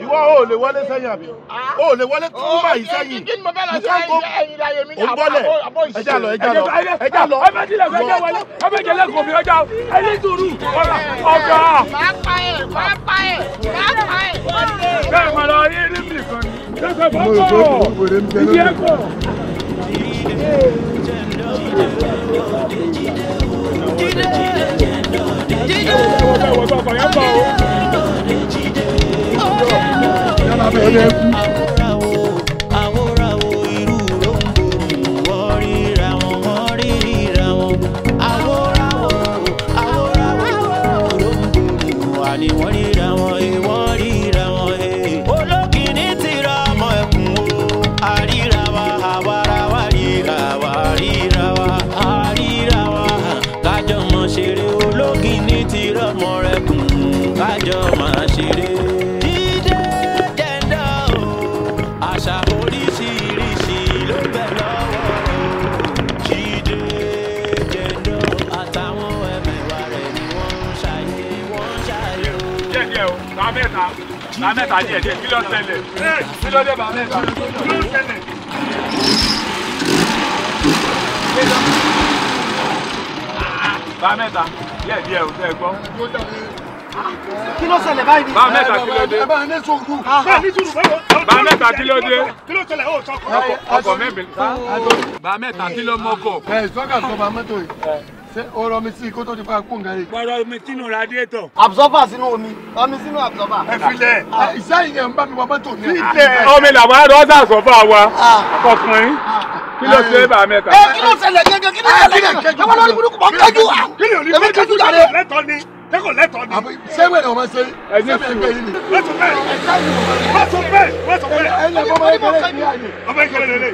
Speaker 1: ìwọ ò lè wọlé sẹ́yìn àbí ò lè wọlé túmọ̀ yìí sẹ́yìn ìfọ̀nkó ògbọ́lẹ̀ ẹja lọ ẹja lọ ẹja lọ. ẹ bẹ tilẹ̀ fẹ́ jẹ́ wọlé ẹ bẹ jẹ́lẹ̀ kò fi ọjà ẹ ní sùúrù ọ̀rọ̀ ọ̀gá. máa pa ẹ̀ máa pa ẹ̀ máa pa ẹ̀. bẹ́ẹ̀ mà lọ rí ní nìkan ni kẹ́kẹ́ bá kọ̀ ìdí ẹ̀ kọ̀. Jíde jíde jíde
Speaker 7: jíde abẹ́rẹ́ kú.
Speaker 1: bá mẹ́ta díẹ̀ díẹ̀ kí ló tẹ̀lẹ̀ kí ló dé bá mẹ́ta kí ló tẹ̀lẹ̀. bá o tẹ́ gbọ́. kí ló ṣẹlẹ̀ báyìí. bá mẹ́ta kí ló dé. bá
Speaker 8: mẹ́ta kí ló dé.
Speaker 1: kí ló tẹ̀lẹ̀ o tọkọ. ọkọ mẹ́bìnrin. bá mẹ́ta kí ló mọ́kọ. ẹ̀ sọ́kà sọ bá mẹ́tò yìí ṣe o rọ mi sí kó tó di pa kó nǹkan rẹ. pọ̀rọ̀ mi sínú radiator. absorber sínú omi omi sínú absorber. ẹ filẹ ìṣáyìn yẹn ń bá mi wọ mọ́tò mi. filẹ omi làwọn arọ ọ̀sà sọ́fà wa ọkùnrin kí ló ṣe bàá mẹ́ta. ẹ kí ló ṣẹlẹ̀ gẹ́gẹ́ kí ló ṣẹlẹ̀ gẹ́gẹ́ ẹ wọ́n lórí burúkú mọ́ kẹ́jú wa èmi kẹ́jú jàre. lẹ́tọ̀ọ́ ni kẹ́kọ̀ọ́ lẹ́tọ̀ọ́ ni. sẹ́wẹ̀ ni ọmọ ṣe é sẹ́wẹ̀ ẹgbẹ́ yìí ni. wọ́n bẹ́ẹ̀ wọ́n bẹ́ẹ̀ wọ́n bẹ́ẹ̀
Speaker 4: ọmọ ìkẹlẹ̀ lélẹ̀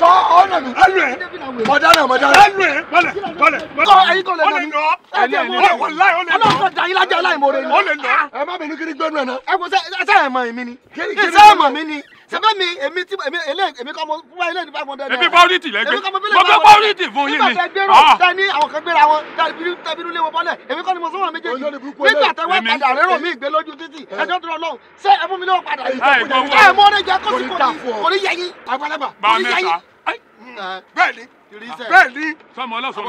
Speaker 1: sọ ọ̀nà mi. ẹnu ẹ mọ̀dánà mọ̀dánà. ẹnu ẹ mọ̀lẹ̀ mọ̀lẹ̀ mọ̀lẹ̀. kọ́ ẹyin kọ́ lè nọ mi. ó lè nọ ó lè nọ. ọlọ́run kọ́ dayin lajẹ́ ọláyìn mo rẹ̀ ni. ó lè nọ. ẹ má bẹ̀rù kiri gbẹ́nu ẹ̀ náà. ẹ kò sẹ́ ẹ sẹ́ ẹ̀ mọ̀ mi ni. ẹ sẹ́ ẹ̀ mọ̀ mi ni sẹ́fẹ́ mi èmi tí èmi èlé èmi kọ́ mo fúnpa ilé ní five hundred èmi pọ́lítì lẹ́gbẹ́ mo gbé pọ́lítì fún yín ni. nígbà tẹ gbèrò tẹ ah. ní àwọn kan gbéra wọn tẹbi nílé wọn bọ́lẹ̀ èmi kọ́ ni mo sọ́wọ́ méjèèjì nígbà tẹ wá padà rérò mi ìgbé lójú títì eh. ẹjọ́ tó lọ́wọ́ ṣé ẹ fún mi lọ́wọ́ padà yìí. ẹ mọ jẹ kó sì kò ní yẹ yín àgbàlagbà kò ní yẹ yín. Eh. bẹ́ẹ̀ni bẹ́ẹ̀ni sọmọ sọ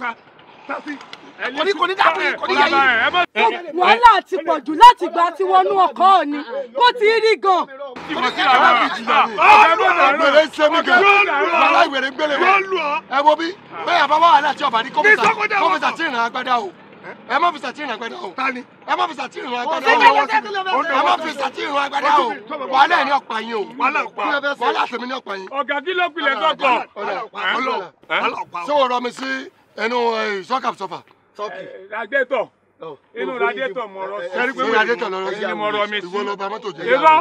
Speaker 1: wàláyé mo kò ní kò ní dàbí kò ní yẹyí. wàhálà ti pọ̀ jù láti gba ti wọnú ọkọ òní kó ti rí gan. wèrè ṣe mí gan ẹ wo bí bẹ́ẹ̀ ìrìn àgbàdà o ẹ má fi sàtìrìn àgbàdà o ẹ má fi sàtìrìn àgbàdà o o wàhálà ẹ ọ̀pá yín o wàhálà tèmi ní ọ̀pá yín. ọ̀gá kí ló pilẹ̀ tọkọ. sọ wọ́n rọ mi sí ẹnu sọ́kàpù sọ́fà. Eh, eh, radiator oh. inú oh, oh, radiator mọ̀rọ̀ eh, sí i inú radiator lọ́rọ̀ sí i mọ̀rọ̀ mi sí i ìwọlọba mọ́tò jẹ́ yàrá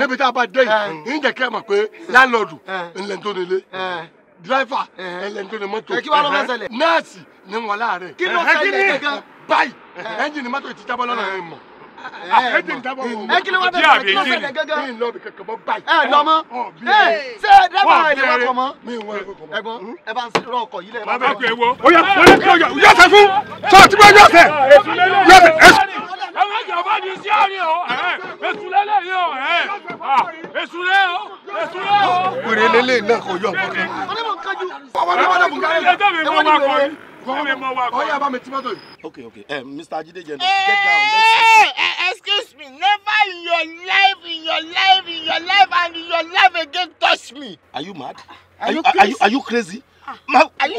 Speaker 1: níbi tá a bá dé yìí ń jẹ́ kẹ́ mọ̀ pé láńlọ́ọ̀dù ńlẹ̀ tó nílé dírẹ́fà ńlẹ̀ tó ní mọ́tò nọ́ọ̀sì ni wọ́n láàárẹ̀ kí ló ṣẹlẹ̀ gẹ́gẹ́ báyìí ẹ́ńjìnì mọ́tò ti jábọ́ lọ́nà ẹ̀ mọ̀. Eh, ah, ẹ eh, kí ló wá bẹ̀rẹ̀ kí ló bẹ̀rẹ̀ gángan. mi lọ eh, bí kankan mọ báyìí. ẹ lọ mọ ṣé dábàá ẹ lè wá kọ mọ. ẹ̀gbọ́n ẹ bá ń rọ ọkọ yìí lẹ. bàbá kò ewo. ó yà wọ́n lè kí ọjà yọ ọsẹ fún
Speaker 4: sọ ti bá yọ ọsẹ. yọ ọsẹ.
Speaker 1: àwọn ìjọba ni sí àárín o èsù lélẹ̀ yìí o èsù lé o èsù lé o. wèrè lélẹ̀ náà kò yọ ọkọ kan. ọlọ́mọ kájú. ọwọ́ ni wọ́n dẹ̀ bùn kárí. ẹgbẹ́ mi mọ́ wa kọ́ yìí. ọyá bá mi tí mọ́tò yìí. ok ok ẹ um, Mr. Ajide jẹ náà get down let's go excuse me never in your life in your life in your life and in your life again touch me. are you mad. are, are you, you crazy. are you are you crazy. Ah, ma are you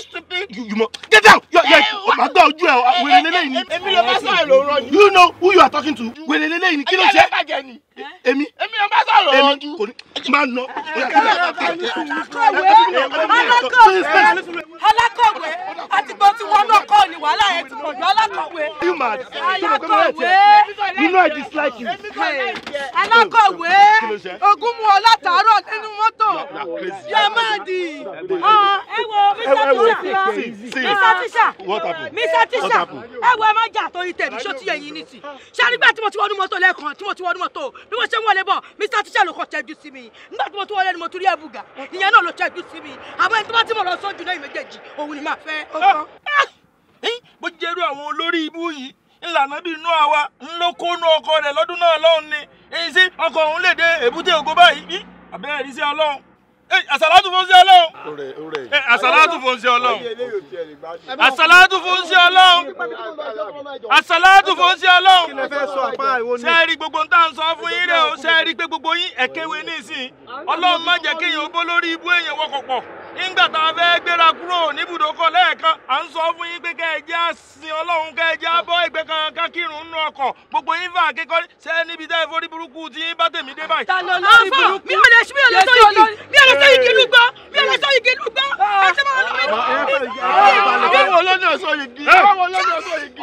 Speaker 1: You, you must get down. You're, you're, eh, oh my God, ojú ẹ uh, eh, wèrè eh, lélẹ́yìn ni. Èmi You know who you are talking to. Wèrè lélẹ́yìn ni kí ló ṣe. Ẹyẹ bàjẹ́ ni. Èmi. Èmi ló bá sọ̀rọ̀ ló rọ ni. Máa nọ. Alákọ̀wé alákọ̀wé àti gbọ́n tí
Speaker 2: wọ́n ni wàhálà yẹn ti pọ̀ jù alákọ̀wé. You mad? Alákọ̀wé. You know I dislike you. Alákọ̀wé ogun mu ọ látàárọ̀ nínú mọ́tò.
Speaker 6: Yamadi. Ah, ẹ wo
Speaker 2: Mr.
Speaker 1: Tusa. Mr. Tisha. What happened? Mr. Tisha.
Speaker 6: Ẹ wo ẹ má jà torí tèmi ṣó ti yẹyin nísì. Ṣé nígbà tí mo ti wọnú mọ́tò lẹ́ẹ̀kan tí mo ti wọnú Mr. Tisha ló kọ́ tẹ́jú sí mi. Nígbà tí mo ti wọlé ni mo tún rí ẹ̀bùgà.
Speaker 1: Ìyẹn náà ló tẹ́jú sí mi. Àbọ̀ ẹni tó bá ti mọ̀ lọ sọ́jú náà ìméjèèjì òun ni máa fẹ́. Bó jẹ́ irú àwọn olórí ibú yìí ńlànà bíi inú àwa ńlọkọ́nù ọkọ rẹ̀ lọ́dún náà lọ́hùn ni. Èyí sí ọkọ̀ òun lè dé èbúté ògo báyìí. Àbẹ́rẹ́ ìrísí Ọlọ́run àsàlátù fún sí ọlọ́run àsàlátù fún sí ọlọ́run
Speaker 4: àsàlátù fún sí ọlọ́run
Speaker 1: àsàlátù fún sí ọlọ́run ṣe é rí gbogbo ń tà ń sọ fún yín rẹ̀ o ṣe é rí pé gbogbo yín ẹ̀kẹ́wé nísìnyí ọlọ́run má jẹ́ kéèyàn bó lórí ibú èèyàn wọ́kọ̀pọ̀ nígbà tá a fẹ́ gbéra kúrò níbùdókọ̀ lẹ́ẹ̀kan à ń sọ fún yín pé kẹ́ ẹ jẹ́ àsìn ọlọ́run kẹ́ ẹ ìgbẹ́ kan kákìrún nínú ọkọ̀ gbogbo yín fà kékọ́ ṣe níbi tẹ́ ẹ forí burúkú tí yín bá tèmi dé báyìí. ta mi ò lè mi ò lè mi ò lè sọ igi lùgbọ́ mi ò lè sọ igi lùgbọ́ ẹ ṣe máa lọ mi. báwo ló ní ọ̀sọ́ igi báwo
Speaker 4: ló ní ọ̀sọ́ igi.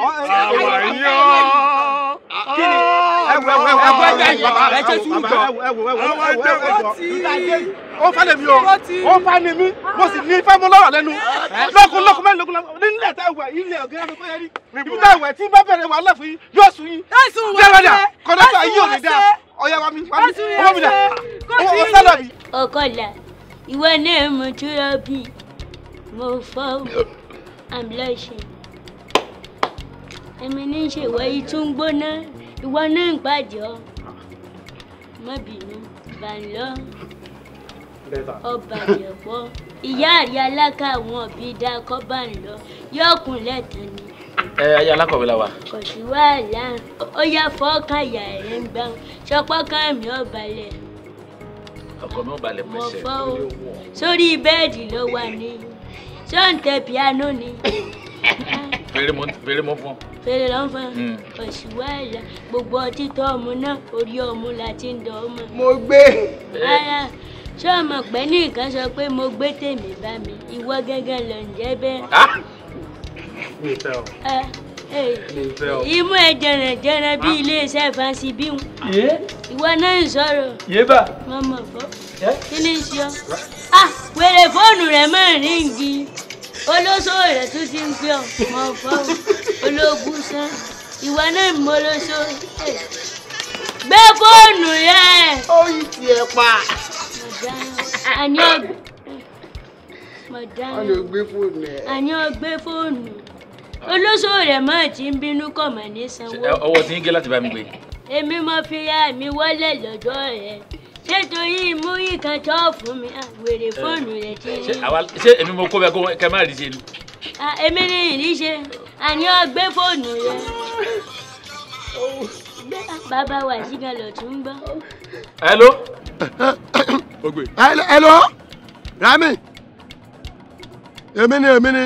Speaker 1: ó fà lèmi o ó fà lèmi mo sì ní fẹ́ mú lọ́rọ̀ lẹ́nu lọ́kùn lọ́kùn mẹ́rin lọ́kùn lọ́kùn nílẹ̀ tá ìwà ilẹ̀ ọ̀gẹ́rẹ́ ló kọ́yẹ́rí ibi tá ìwà tí bá bẹ̀rẹ̀ wà lẹ́fún yín yóò sùn yín dẹ́rẹ́dà kọ́dọ́tà yìí ò ní dá ọ̀yà wa mi ọmọ mi dà ọmọ sálọ mi.
Speaker 3: ọ̀kọ́lá ìwọ náà mo dúró bí mo fọ́ I'm blushing èmi ní ṣèwọ́ yìí tún gbóná ìwọ náà ń pàjọ́ mọ́bìnrin bàńlọ́ ọba àjẹpọ̀ ìyá àrí aláka àwọn òbí dá kọ́bà ńlọ yóò kúnlẹ̀ tán ni.
Speaker 8: ẹ ayé alákọ̀wé la wa.
Speaker 3: kò sí wàhálà ó yá fọ́ọ̀kan ìyá rẹ̀ ń gbà sọpọ́ kan mi ọkọ
Speaker 8: mi ò balẹ̀ pẹ̀sẹ̀ lórí owó.
Speaker 3: sórí bẹ́ẹ̀dì ló wà ní sọ́ǹtẹ̀ piano ni. [laughs]
Speaker 8: fèrè mọ́ fèrè mọ́ fún
Speaker 3: fèrè ló fún hmm. kò sí wàhálà gbogbo ọtí ọmọ náà orí ọmọ la ti ń dọ̀ ọmọ. mo gbé. ara ṣé ọmọ pé ní nǹkan sọ pé mo gbé tèmi bá mi ìwọ gẹ́gẹ́ lọ ń jẹ́ bẹ́ẹ̀. mi fẹ́ o. mi fẹ́ o. imú ẹ jẹrẹjẹrẹ bí iléeṣẹ́ fansi bí wọn. ìwọ náà ń sọ̀rọ̀. yéèbà. mo mọ̀ bọ́. kí ni ṣe ọ. ah wèrè fóònù rẹ̀ mọ̀ ríǹgì olóṣó rẹ̀ tún ti ń pè ọ́ mọ̀ fọ́ ológun sán ìwọ náà ń mọ olóṣó.
Speaker 4: gbé fóònù
Speaker 3: yẹn. ó yí tiẹ̀ pa
Speaker 4: àní
Speaker 3: ọgbẹ́ mọ̀dánù àní ọgbẹ́ fóònù olóṣò rẹ̀ mọ̀ tí ń bínú kọ̀ mọ̀ ní sanwó.
Speaker 8: ọwọ́ tí ń gé láti bá mi gbé.
Speaker 3: èmi mo fi ra mi wọlé lọ́jọ́ rẹ̀ nítorí múrí kan tó fún mi àwèrè ah, eh, fóònù rẹ̀ ti eh, rí.
Speaker 8: ṣé èmi mo kó bẹ kó kẹ má rí ṣe lu.
Speaker 3: Ah, èmi ni ìríṣe àní ọgbẹ́ fóònù rẹ̀ bàbá wa sí gan lọ tún gbọ́.
Speaker 1: hello. [laughs] hello Rami èmi ni èmi ni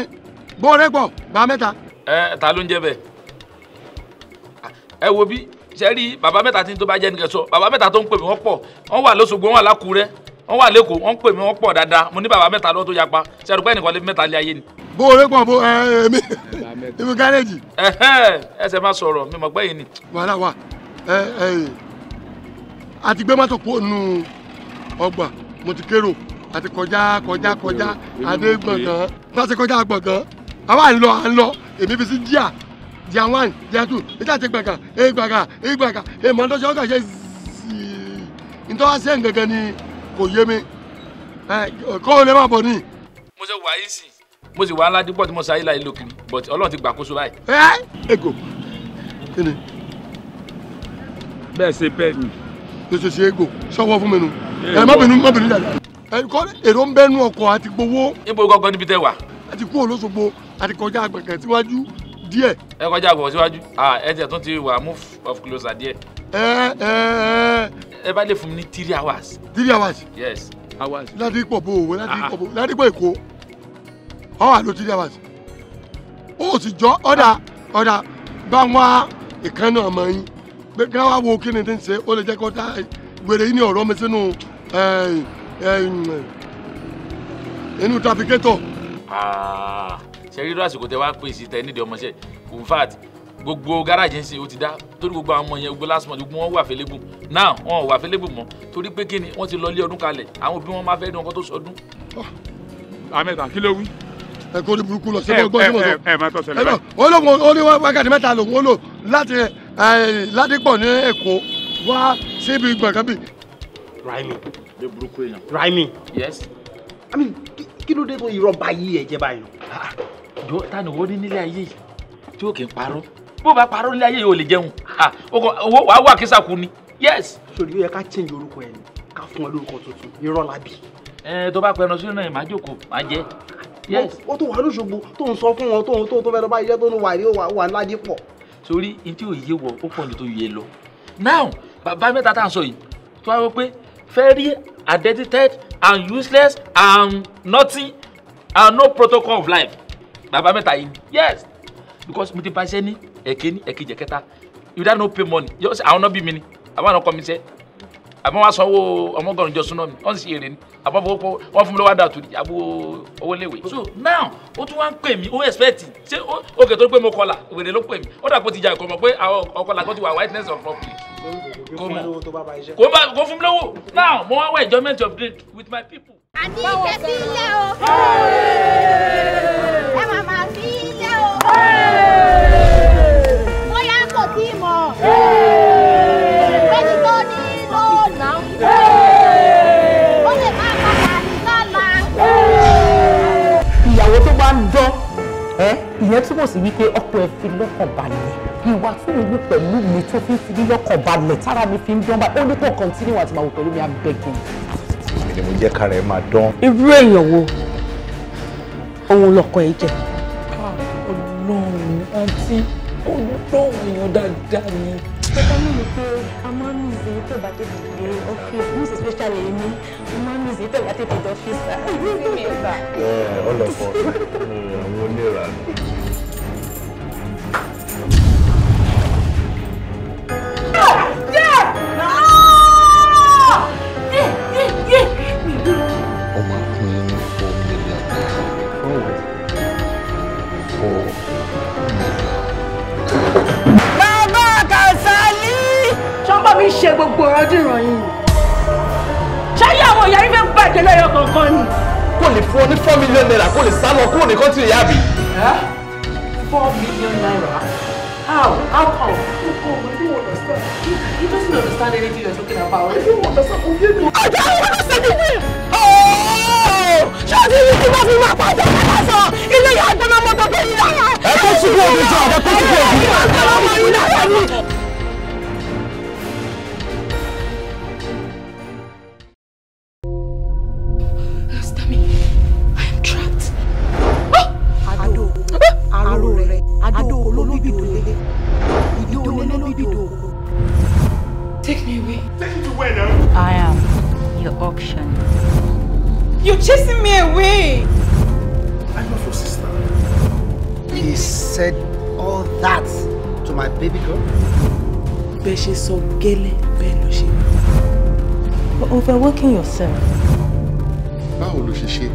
Speaker 1: bóore pọ̀ bá meta.
Speaker 8: Eh ta ló ń jẹ bẹ́ẹ̀ ẹ wo bí ṣe rí bàbá mẹ́ta tí n tó bá jẹ́ nìkan sọ bàbá mẹ́ta tó ń pè mí wọ́n pọ̀ wọ́n wà lọ́sọ̀gbọ́n wọ́n wà lákùrẹ́ wọ́n wà lẹ́kọ̀ọ́ wọ́n ń pè mí wọ́n pọ̀ dáadáa mo ní bàbá mẹ́ta lọ́wọ́ tó yapa ṣe àdúgbò ẹnìkan lé mẹ́ta lé ayé ni.
Speaker 1: bóore pọ̀ bó ẹ èmi èmi gáréèjì.
Speaker 8: ẹsẹ̀ máa sọ̀rọ̀ mi mọ̀ gbẹ́yìn ni.
Speaker 1: wàhálà wà ẹ ẹ àti gbé mọ́tò kúrò nù ọgbọ̀n mo ti kérò àti kọjá kọjá kọjá adé gbọ̀ngàn láti kọjá gbọ̀ngàn àwa à ń lọ à ń lọ èmi fi sí díà díà one díà two ètò àti gbàgà É e gbàgà èyí e gbàgà èyí mọ̀ ọ́n tó ṣe ọ́n kà ṣe zìí ntọ́wá sẹ́yìn gangan ni kò yé mi kọ́ ọ lè má bọ̀ ni.
Speaker 8: mo ṣe wà yìí sí mo sì wà aládé pọ̀ tí mo ṣayé láyé lókiri but ọlọ́run ti gbàkóso báyìí.
Speaker 1: ẹ ẹ ego kí ni. bẹ́ẹ̀ ṣe bẹ́ẹ̀ ni lóṣù sí ego sọ́wọ́ fún mi nu ẹ má bínú má bínú dàda ẹ kọ́ èrò ń bẹ́nu ọkọ̀ àti gbowó. níbo gọ́gọ́ níbi tẹ wà. a ti kú olóṣogbo a ti kọjá àgbẹ̀kẹ̀ síwájú díẹ̀.
Speaker 8: ẹ kọjá àgbẹ̀kẹ̀ síwájú ẹ tẹ̀ tún ti wà move of closer díẹ̀.
Speaker 1: ẹ ẹ ẹ bá lè fún mi ní three hours. three hours. yes hours. láti pọ̀ bó owó láti ah. pọ̀ bó láti pọ̀ èkó ọ̀ wà ló three hours. o sì jọ ọ̀dà ọ̀dà bá wá ìkànnà ọmọ yín pé kí wọ́n wá wo kí ni tí ń ṣe ó lè jẹ́ kó dá gbèrè yìí ní ọ̀rọ̀ mi sínú eh, eh, inú trafikétọ̀.
Speaker 8: Ah, ṣe rí lásìkò tẹ wá pè sí tẹ nídìí ọmọṣẹ in fact gbogbo gáràjì ń ṣe ó ti dá torí gbogbo àwọn ọmọ yẹn gbogbo last month gbogbo wọn wà fẹlẹ́bù now wọn ò wà fẹlẹ́bù mọ́ torí pé kí ni wọ́n ti lọ lé ọdún kalẹ̀ àwọn òbí wọn máa fẹ́ dùn ọkọ tó
Speaker 1: sọdún. Ah, ahmed akílẹ̀ ẹ kórè burúkú lọ sẹbọ gbọ sẹbọ sọ ẹ máa tọ ṣẹlẹ̀ báyìí. olóhùn mẹ́ta lòun ó láti ládìpọ̀ ní èkó wá síbi gbọ̀ngàn bíi. raimi de burúkú yẹn. raimi. yes. i mean kí ló dé tó irọ́ ba yí ẹ jẹ́ báyìí. Ah, jọ ta ni ní nílé
Speaker 8: ayé yìí tí o kì í parọ́ bó bá parọ́ nílé ayé yìí o lè jẹun ah, owó wàá wà kí sàkú ni yes. sori yóò yẹ ká change orúkọ ẹ ní ká fún ọ lórúkọ tuntun irọ́ labi. ẹ tó bá pẹran sínú náà màá jókòó màá jẹ ó tó wà lóṣogbo tó ń sọ fún wọn tó ń tó tó fẹ́ lọ bá iṣẹ́ tó ń wà rí wà ládé pọ̀. sórí n tí ò yé wọ ó pọ̀ ní tó yé lọ now bàbá mẹ́ta tá à ń sọ yìí tó wá wọ pé very identified and useless and nothing and no protocol of life bàbá mẹ́ta yìí yes because mo ti ba iṣẹ́ ní ẹ̀kẹ́ ní ẹ̀kejì ẹ̀kẹta you don't know pay money àwọn náà bí mi ni àwọn náà kọ́ mi iṣẹ́ àbí wọn sanwó ọmọgọrùn jọ súná mi wọn sì èrè ni àbọ̀fọ̀ owó fún mi lọ́wọ́ àdàtú ni àbò owó léwe. so now ó tún wá ń pè mí ó expect ṣé ó kè tó pé mo kọlà wèrè ló pè mí ó dà kó ti jà ìkọ́ mọ̀ pé ọkọlà kan ti wà whiteness of public. kò mọ̀ kò bá kò fún mi lówó now mo wá wá enjoyment of drink with my people.
Speaker 5: àní ìkẹ́sí ilé
Speaker 4: o ẹ máa máa sí ilé o bóyá kò tí ì mọ̀.
Speaker 5: ẹ ìyẹn túmọ̀
Speaker 6: sí wípé ọkọ ẹ fi lọ́kàn balẹ̀ ìwà tí mi ní pẹ̀lú mi tó fi ń fi lọ́kàn balẹ̀ tára mi fi ń dán báyìí ó ní kò kọ́ntínú àti màwò pẹ̀lú mi abẹ́gẹ́. èmi
Speaker 1: ni mo jẹ́ kára ẹ máa dán.
Speaker 6: irú èèyàn wo òun lọkọ ẹ jẹ. Ah,
Speaker 8: ọlọ́run àǹtí ọlọ́run èèyàn dáadáa ni.
Speaker 6: ọkọ mi ni pé a máa ń nùzí tó bá tètè dé ọ́fíìsì mo sì special èyí ni a máa ń nùzí
Speaker 3: [laughs] onírànú.
Speaker 6: mi ṣe gbogbo ọ̀rọ̀ dìrọ̀ yìí ṣáyé àwọn ìyá yín fẹ́ bàjẹ́ lẹ́yọ kọ̀ọ̀kan
Speaker 1: ni kò lè fún ọ ní four million naira kò lè sá lọ kúrò ní kọ́ńtì ìyá àbí. four million naira how how come you go you understand you, you don't understand anything you're talking about you don't understand oye mi. I don't ọmọ sẹ́ni
Speaker 4: mi ṣáàtì yìí tí wọ́n fi máa pàṣẹ aláṣọ ilé yàrá dáná mọ́tò tó yìí lára. I kó síbi òbí jọ ẹ I síbi òbí jọ.
Speaker 5: tricking yourself.
Speaker 1: báwo ló ṣe ṣe.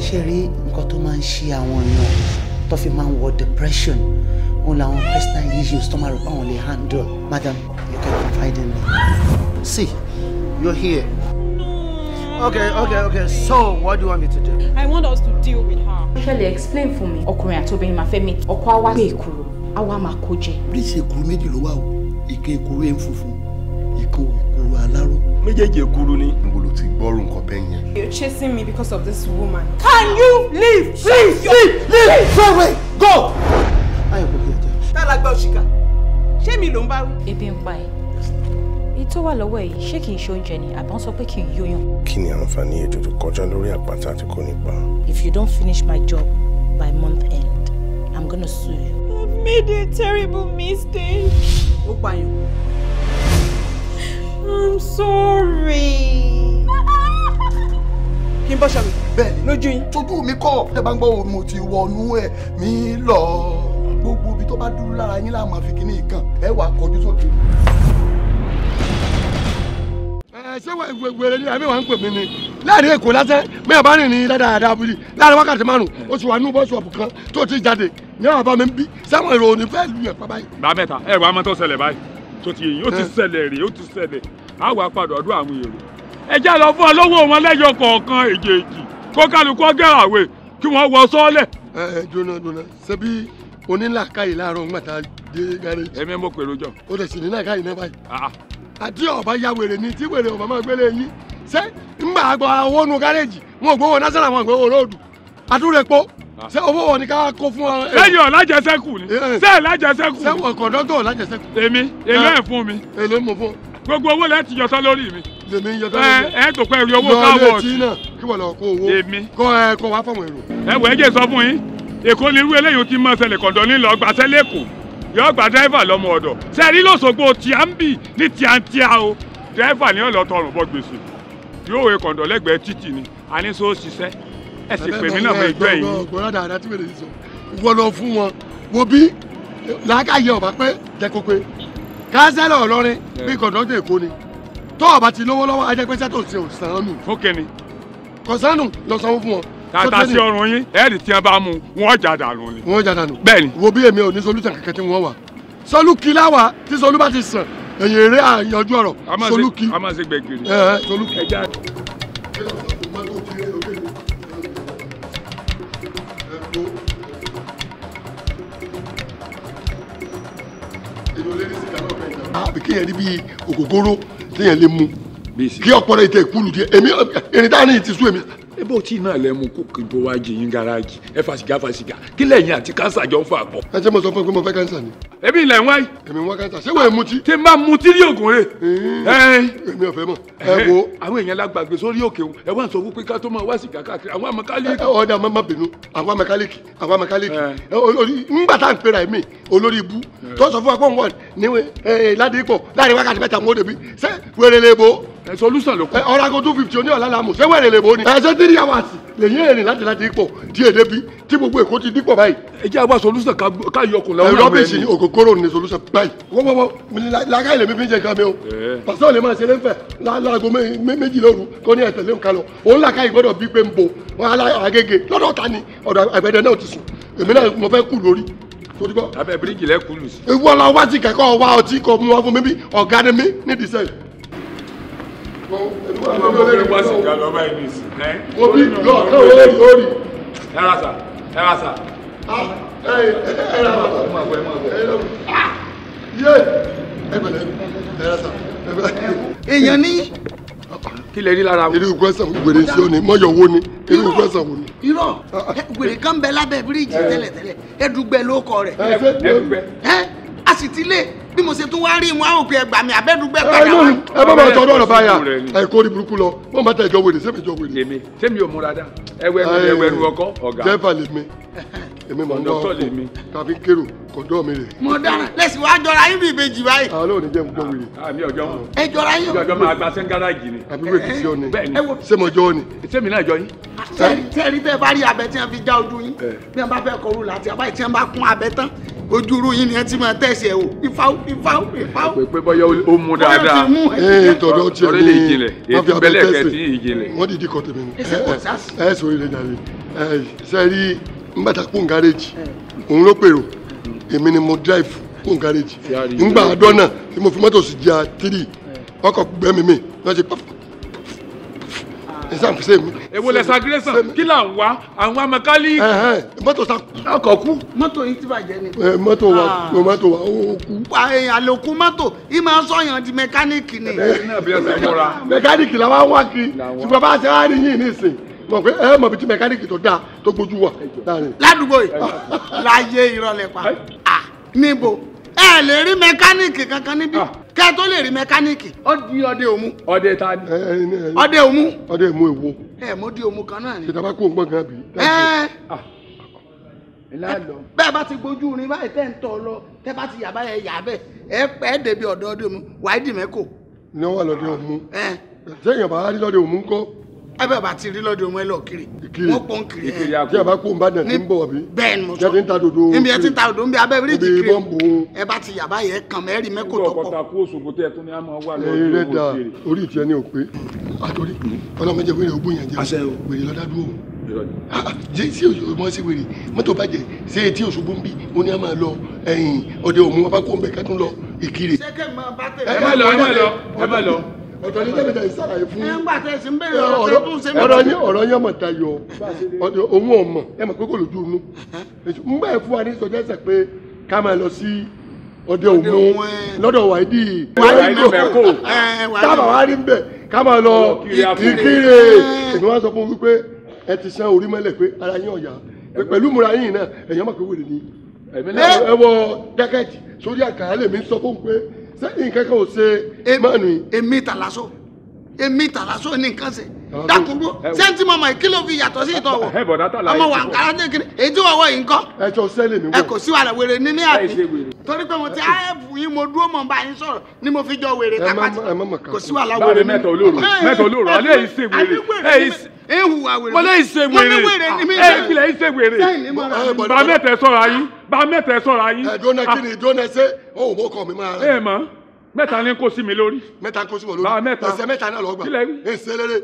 Speaker 5: ṣe rí nǹkan tó máa ń ṣe àwọn èèyàn tó fi máa ń wọ depression òun làwọn personal issues tó máa rò pé àwọn lè handle madam you can confide in me. see you're here.
Speaker 6: Okay,
Speaker 1: okay, okay. So, what do you want me to do?
Speaker 6: I want us to deal with her. Actually, explain for me. Ọkùnrin àti obìnrin máa fẹ́ meet. Ọkọ á wá sí èkúrò, á wá máa kó jẹ.
Speaker 1: Bí ìṣèkúrú méjì ló wà o, ìkan èkúrú ẹ̀ ń funfun, méjèèjì èkuru ni. n ti gbọ́rù nǹkan bẹ́ẹ̀ yẹn.
Speaker 6: you're chasing me because of this woman.
Speaker 1: can you leave please leave leave
Speaker 6: go away go. ayọ̀ kò kí ẹ jẹ́. tá a la gba òṣìkà ṣé mi ló ń bá wí. ebi ń pa ẹ èyí tó wà lọ́wọ́ yìí ṣé kì í ṣe oúnjẹ ni àbọ̀n sọ pé kì í yóyàn.
Speaker 4: kí ni àǹfààní
Speaker 1: ètò tó kọjá lórí àpáta tí kò ní pa.
Speaker 6: if you don't finish my job by month end i'm gonna sue you.
Speaker 5: i've made a terrible mistake. ó pààyàn.
Speaker 1: I'm sorry. kí n bá ṣàmì bẹ́ẹ̀ lójú yín. tójú mi kọ́ tẹ́ bá ń gbọ́ mo ti wọnú ẹ̀ mi lọ. gbogbo ibi tó bá dúró lára yín láàmú àfi kíní ìkan ẹ wà kọjú sókè. ẹ ṣé wẹ̀rẹ̀ ni àmì wà ń pè mí ni láàrin èkó lásán mẹ́rin bá rìn ní dáadáa abúlé láàrin wákàtí márùn-ún oṣù wa nú bọ́ọ̀sì ọ̀pù kan tó ti jáde ní àwọn àbámi bí sáwọn èrò ò ní fẹ́ lu ẹ̀ pa báyìí. gbà mẹ́ta ẹ̀rọ amọ́tọ́ ṣẹlẹ̀ báyìí tó ti yìí ó ti ṣẹlẹ̀ rèé ó ti ṣẹlẹ̀ á wà padà ọdún àwọn èrò ẹ jẹ́ lọ fún ọlọ́wọ́ wọn lẹ́yọ kọ̀ọ̀kan èjèèjì kó kálukú gẹ́ àwè kí wọ́n wọ sọ́ọ́lẹ̀. ẹ ẹ jóná jóná ṣebí onílàkàyè láàárọ̀ ńgbà tá a dé jọ. o lè sì ní làkàyè náà báyìí. Ah, ah. àti ọba ya wèrè ni tí wèrè ọba máa gbélé yín ṣé ńgbà àgbà owó nu gàrẹ́jì wọn ò gbowó násàlà wọn ò gbowó róòdù àdúrẹ́pọ̀ ah. ṣé owó wọn ni ká kó fún ọ. sẹ́yìn ọ̀làjẹsẹ́kù ni sẹ́yìn eh, eh. ọ̀làjẹsẹ́kù. sẹ́wọ̀n kọ̀dọ́tọ̀ ọ̀làjẹsẹ́kù. èmi èlé eh. ẹ̀ fún mi. èlé mo fún. gbogbo owó lẹ́ẹ̀ ti yọtọ́ lórí mi. lèmi ń yọtọ́ lórí mi. ẹ ẹ tó pẹ́ rí owó káwọ́ ọ̀tí. lọ létí náà kí wọ́n lọ kó owó. èmi. kọ ẹ kọ wá fọ̀mọ̀ èrò. ẹ wọ ẹjẹ sọ fún yín èkó ni irú eléyìí ti máa ṣẹlẹ̀ kọ̀dọ̀ nílò ọgbà sẹ́lẹ̀ èkó yọ gba dírẹ́fà lọ́mọ ọ̀dọ̀ sẹ́ẹ̀rí lọ́sọ̀gbọ́ tìǹbì ní tìǹtìà o dírẹ́fà ni ọ̀lọ́ tọrùn bọ́ gbèsè yóò wé kọ̀ǹdọ̀ lẹ́gbẹ̀ẹ́ títì ni a ní sọ ṣiṣẹ́ ẹ sì pèmí náà fẹ́ gbẹ́ yìí. gbọ́dọ̀ dáadáa tí wèrè yìí sọ wọ́n lọ fún wọn wo bí làákàyè ọ̀bá pé jẹ́ kó pé kánsẹ́lọ̀ ọlọ́rin bí kọ̀ǹdọ́tò èkó ni tó ọba ti lówó lọ́wọ́ ajẹ́ pé to ṣe òsànánù. fókè ni. kọ̀sánù lọ sanwó fún wọn. tata sí ọrùn yín ẹ̀ẹ́dì tí wọ́n bá mú wọn jà dànù ni. wọn jà dànù. bẹ́ẹ̀ni. wo bí èmi ò ní solútàn kankan tí wọ́n wà. sọlú kílá wa tí solú bá ti sàn èyí eré àyànjú ọ̀rọ̀ solú kí. a máa ṣe gbẹ̀gìrì. ẹ ẹ solú kí. ẹ jáde. àbí kéèyàn rí bíi ògógóró téèyàn lè mu kí ọpọlọ ìtẹ̀ ìkúlù díẹ̀ èmi erin dání ti sú èmi ebó tí náà lẹ mú kó kí n tó wá jẹ yín gáràjì ẹ fa sìgá fa sìgá kí lẹ́yìn àti kánsà jọ ń fa àpọ̀. ẹ jẹ́ mo sọ fún ẹ pé mo fẹ́ kánsà ni. èmi ilẹ̀ ń wáyé. èmi ń wá kánsà ṣé wọ́n ẹ̀ mutí. tí n bá mutí ní ògùn rẹ̀. èmi ò fẹ́ mọ̀ ẹ wo. àwọn èèyàn lágbàgbé sórí òkè o ẹ wá ń sọ fún pé ká tó máa wá sìgá káàkiri àwọn mẹkáníìkì. ọ̀dà má bínú àwọn mẹkáníìkì àwọn mẹkáníìkì ńgbà tá à ń pera ẹ̀mí olórí ibú tó sọ fún wa pé òun ẹ solution ló kọ. ẹ ọ̀rọ̀ ago two fifty oní ọ̀la la mọ̀ ṣé wẹ̀rẹ̀ lè bọ́ ni. ẹ ṣe three hours lèyìn èrìn láti láti pọ̀ díẹ̀ débi tí gbogbo èkó ti dípọ̀ báyìí. ẹ jẹ́ àwa solution ká yọ ọkùnrin lọ́wọ́ rẹ̀ ni. ògógóró ni solution báyìí. wọ́wọ́wọ́ làákà ilẹ̀ mi fi ń jẹ nǹkan mi o. Eh. pàṣẹ lè máa ṣe lẹ́fẹ̀ láago méjì lóru kọ́ ní ẹ̀tẹ̀lé nǹkan lọ. òun làákà ìgbọ́dọ̀ bí pé ń bo wọn agége lọ́dọ̀ ta ni ọ̀dọ̀ àgbẹ̀dẹ náà ti sùn èmi náà mo fẹ́ kú lórí torí bọ́. abẹ́ bíríkì lẹ́kùlù sí. ewu ọlọ́wọ́ ti kẹ́kọ̀ọ́ wa ọtí kọ mu wa fún mi bí ọ̀gá ni mi nídìí sẹ́yìn olórí wá sí ìjà lọ́ba ìlú ìsìn. mo bí lọ lórí lórí. ẹ ra sà ẹ ra sà. ẹ ẹ ra sà yé ẹ bẹ̀rẹ̀ ẹ ra sà èèyàn ní. kí lè rí lára wọn. irú gbẹ́sàn wèrè sí òní mọ́yọ̀ wo ni irú gbẹ́sàn wo ni. irọ́ wèrè kan bẹ lábẹ́ bíríìjì tẹ́lẹ̀tẹ́lẹ̀ ẹ̀dùgbẹ́ ló kọ rẹ̀. ẹ̀dùgbẹ́ a sì ti lé bí mo ṣe tún wá rí mu àwọn òpin ẹgbàá
Speaker 2: mi abẹ́dúgbẹ́ padà wá. ẹ bá bá tọdọ ọ̀rọ̀ báyà
Speaker 1: ẹ kó burúkú lọ wọn bá tẹ ìjọ wèrè sẹmi ìjọ wèrè. èmi sẹmi ò múra dá ẹwẹ ẹwẹ ẹwẹ ẹrù ọkọ ọgá. jẹfà lèmi [laughs] èmi mọ̀ ń lọ kàfi kérò kọjọ mi rè. mo dára lẹsí wa jọra yín bí ìbejì báyìí. àwọn ah, olóòní jẹ́ nǹkan wèrè. àmì ah, ọjọ́ mọ̀. ẹ jọra yín o. ìjọba máa gba sẹ́ńgárájì ni. àbí wèé ti ọ ni sẹ́mi ọjọ́ ni. sẹ́mi náà jọ yín. tẹ́rí ah, tẹ́ bá rí abẹ tí wọ́n fi já ojú yín bí wọ́n bá fẹ́ kọ orú làtí àbáyé tí wọ́n bá kún abẹ tán ojú irú yín ni ẹ ti máa tẹ̀sí ẹ o ìfáwó ìfáwó ìfáwó. pé bọ́yá
Speaker 4: ó mú dáadáa ee eh, tọ̀dọ̀ tiẹ̀ ní wọ́n fi abẹ́ tẹ̀sí
Speaker 1: wọ́n dìdí kọ́ tèmi ni ẹ eh, ẹ sọ ilé eh, jàre ẹ sẹ́rí ń bàtà kún gáréjì òun ló pèrò èmi ni mo drive fún garage ńgbà àdọ́nà tí mo fi mọ́tò sí jà tírì ọkọ̀ gbẹ́mí mi lọ́ọ́ ṣe pàpà ẹsàn sẹmi. èwo lẹ sagirẹsàn kí là ń wá àwọn amakali. mọ́tò sa ọkọ̀ kú. mọ́tò yìí ti bàjẹ́ ni. mọ́tò wa ah. mọ́tò wa ó kú. àlòkù mọ́tò yìí máa ń sọyàn di mẹkáníìkì ni. mẹkáníìkì la wá wá kiri ṣùgbọ́n bá a ṣe wá rí yín nísìn mọ̀ pé ẹ mọ̀ bí ti mẹkáníìkì tó dáa tó gbójú wà. ládùúgbò yìí [laughs] láyé ìrọ̀lẹ́ pa níbo ẹ lè rí mẹkáníìkì kankan níbí ah. kẹ tó lè rí mẹkáníìkì ó di ọdẹ òmu. ọdẹ ta ni. ọdẹ òmu. ọdẹ òmu èwo. ẹ mo di òmu kan náà ni. ṣètàbá kó gbọ́n gan bi. Ah. ẹ bẹ́ẹ̀ bá ti gbójú rin báyìí tẹ́ ń tọ́ lọ tẹ́ bá ti yà báyẹn yà bẹ́ẹ̀ ẹ pẹ́ débi ọ̀dọ̀ ọdẹ òmu wàá dì mẹ́kò. ní wọ́n wà lọ́dẹ òmu. ṣé èèyàn bá rí lọ́dẹ òmu ńkọ́ ẹ bẹ́ẹ̀ bá ti rí lọ́dọ̀ wọn ẹ lọ kiri wọ́n pọ̀ ń kiri ẹ kí ẹ bá kó ń bá dàn tí ń bọ̀ bí bẹ́ẹ̀ ni mo sọ ń ta dodo níbi ẹ ti ń ta dodo níbi abẹ́ bíríìjì kiri ẹ bá ti yàbá yẹ kàn mẹ́rì mẹ́kò tó pọ̀. ọkọ̀ta kó oṣogbo tẹ tún ní a máa wà lọ́dọ̀ òwò kiri. orí ìtìyẹ ni o pé àtòrí ọlọ́mọdé wẹ̀rẹ̀ ògbó yẹn jẹ́ wẹ̀rẹ̀ lọ́dá dúró jẹ tí òṣùwọ̀n sí wèrè mọ́tò bàjẹ́ ṣé tí òṣùwọ̀n bí ó ní a máa lọ ọdẹ òmùwọ́n bá kó ń bẹ̀ ká tún lọ ìkirè. ẹ má lọ ẹ má lọ ẹ má lọ ọ̀tọ̀ ní tẹ̀mí tẹ̀ ìsàlàyé fún. nígbà tẹ̀ sí ń bèrè ọ̀rọ̀ tó ṣe mí. ọ̀rọ̀ yẹn ọ̀rọ̀ yẹn mọ̀ ta yọ òun ò mọ̀ ẹ mọ̀ pé kò lójú inú. ngbà ẹ̀ fún wa ní sọjọ́ ẹsẹ̀ pé ká máa lọ sí ọdẹ òun lọ́dọ̀ wáìdì. tábà wá rí bẹ̀ ká máa lọ ìkírè. èmi wá sọ fún wípé ẹ ti sán orí mọ́lẹ̀ pé ara yín ọ̀yà pẹ̀lú múra yín náà ẹ̀yàn mọ̀ pé wèrè ni. ẹ wọ jákẹ́ẹ̀tì sórí àkàrà lèmi sọ fún pé sẹ́yìn kankan ò ṣe é mọ́nu yìí. èmi tàlásọ èmi tàlásọ ní nǹkan ṣe dákúndú sẹ́ńtì mọ̀mọ́ yìí kí ló fi yàtọ̀ sí ìtọ̀wọ̀ ọmọ wa nkàrà ní kiri èjì wọ̀wọ̀ yìí nkọ́ ẹ kò sí wàrà wèrè ní ní àbí torí pé mo ti áyẹ̀fù yín mo dúró mọ̀ bá yín sọ̀rọ̀ ni mo fi jọ wèrè tapati kò sí wàrà wèrè ní mẹ́ta olóòrò mẹ́ta olóòrò alẹ́ yìí ṣe wèrè ehuwa wèrè mo lè ṣe wèrè ẹ ìpìlẹ̀ yìí ṣe wèrè bá sọ̀rọ̀ ayín bá sọ̀rọ̀ ayín. ẹ dóná kí ni ah. dóná ṣe ó wò mi máa. ẹ mẹ́ta ni kò sí mi lórí. mẹ́ta kò sí mi lórí. bá mẹ́ta ẹsẹ̀ mẹ́ta náà lọ gbà. kílẹ̀ rí. ẹsẹ̀ lére.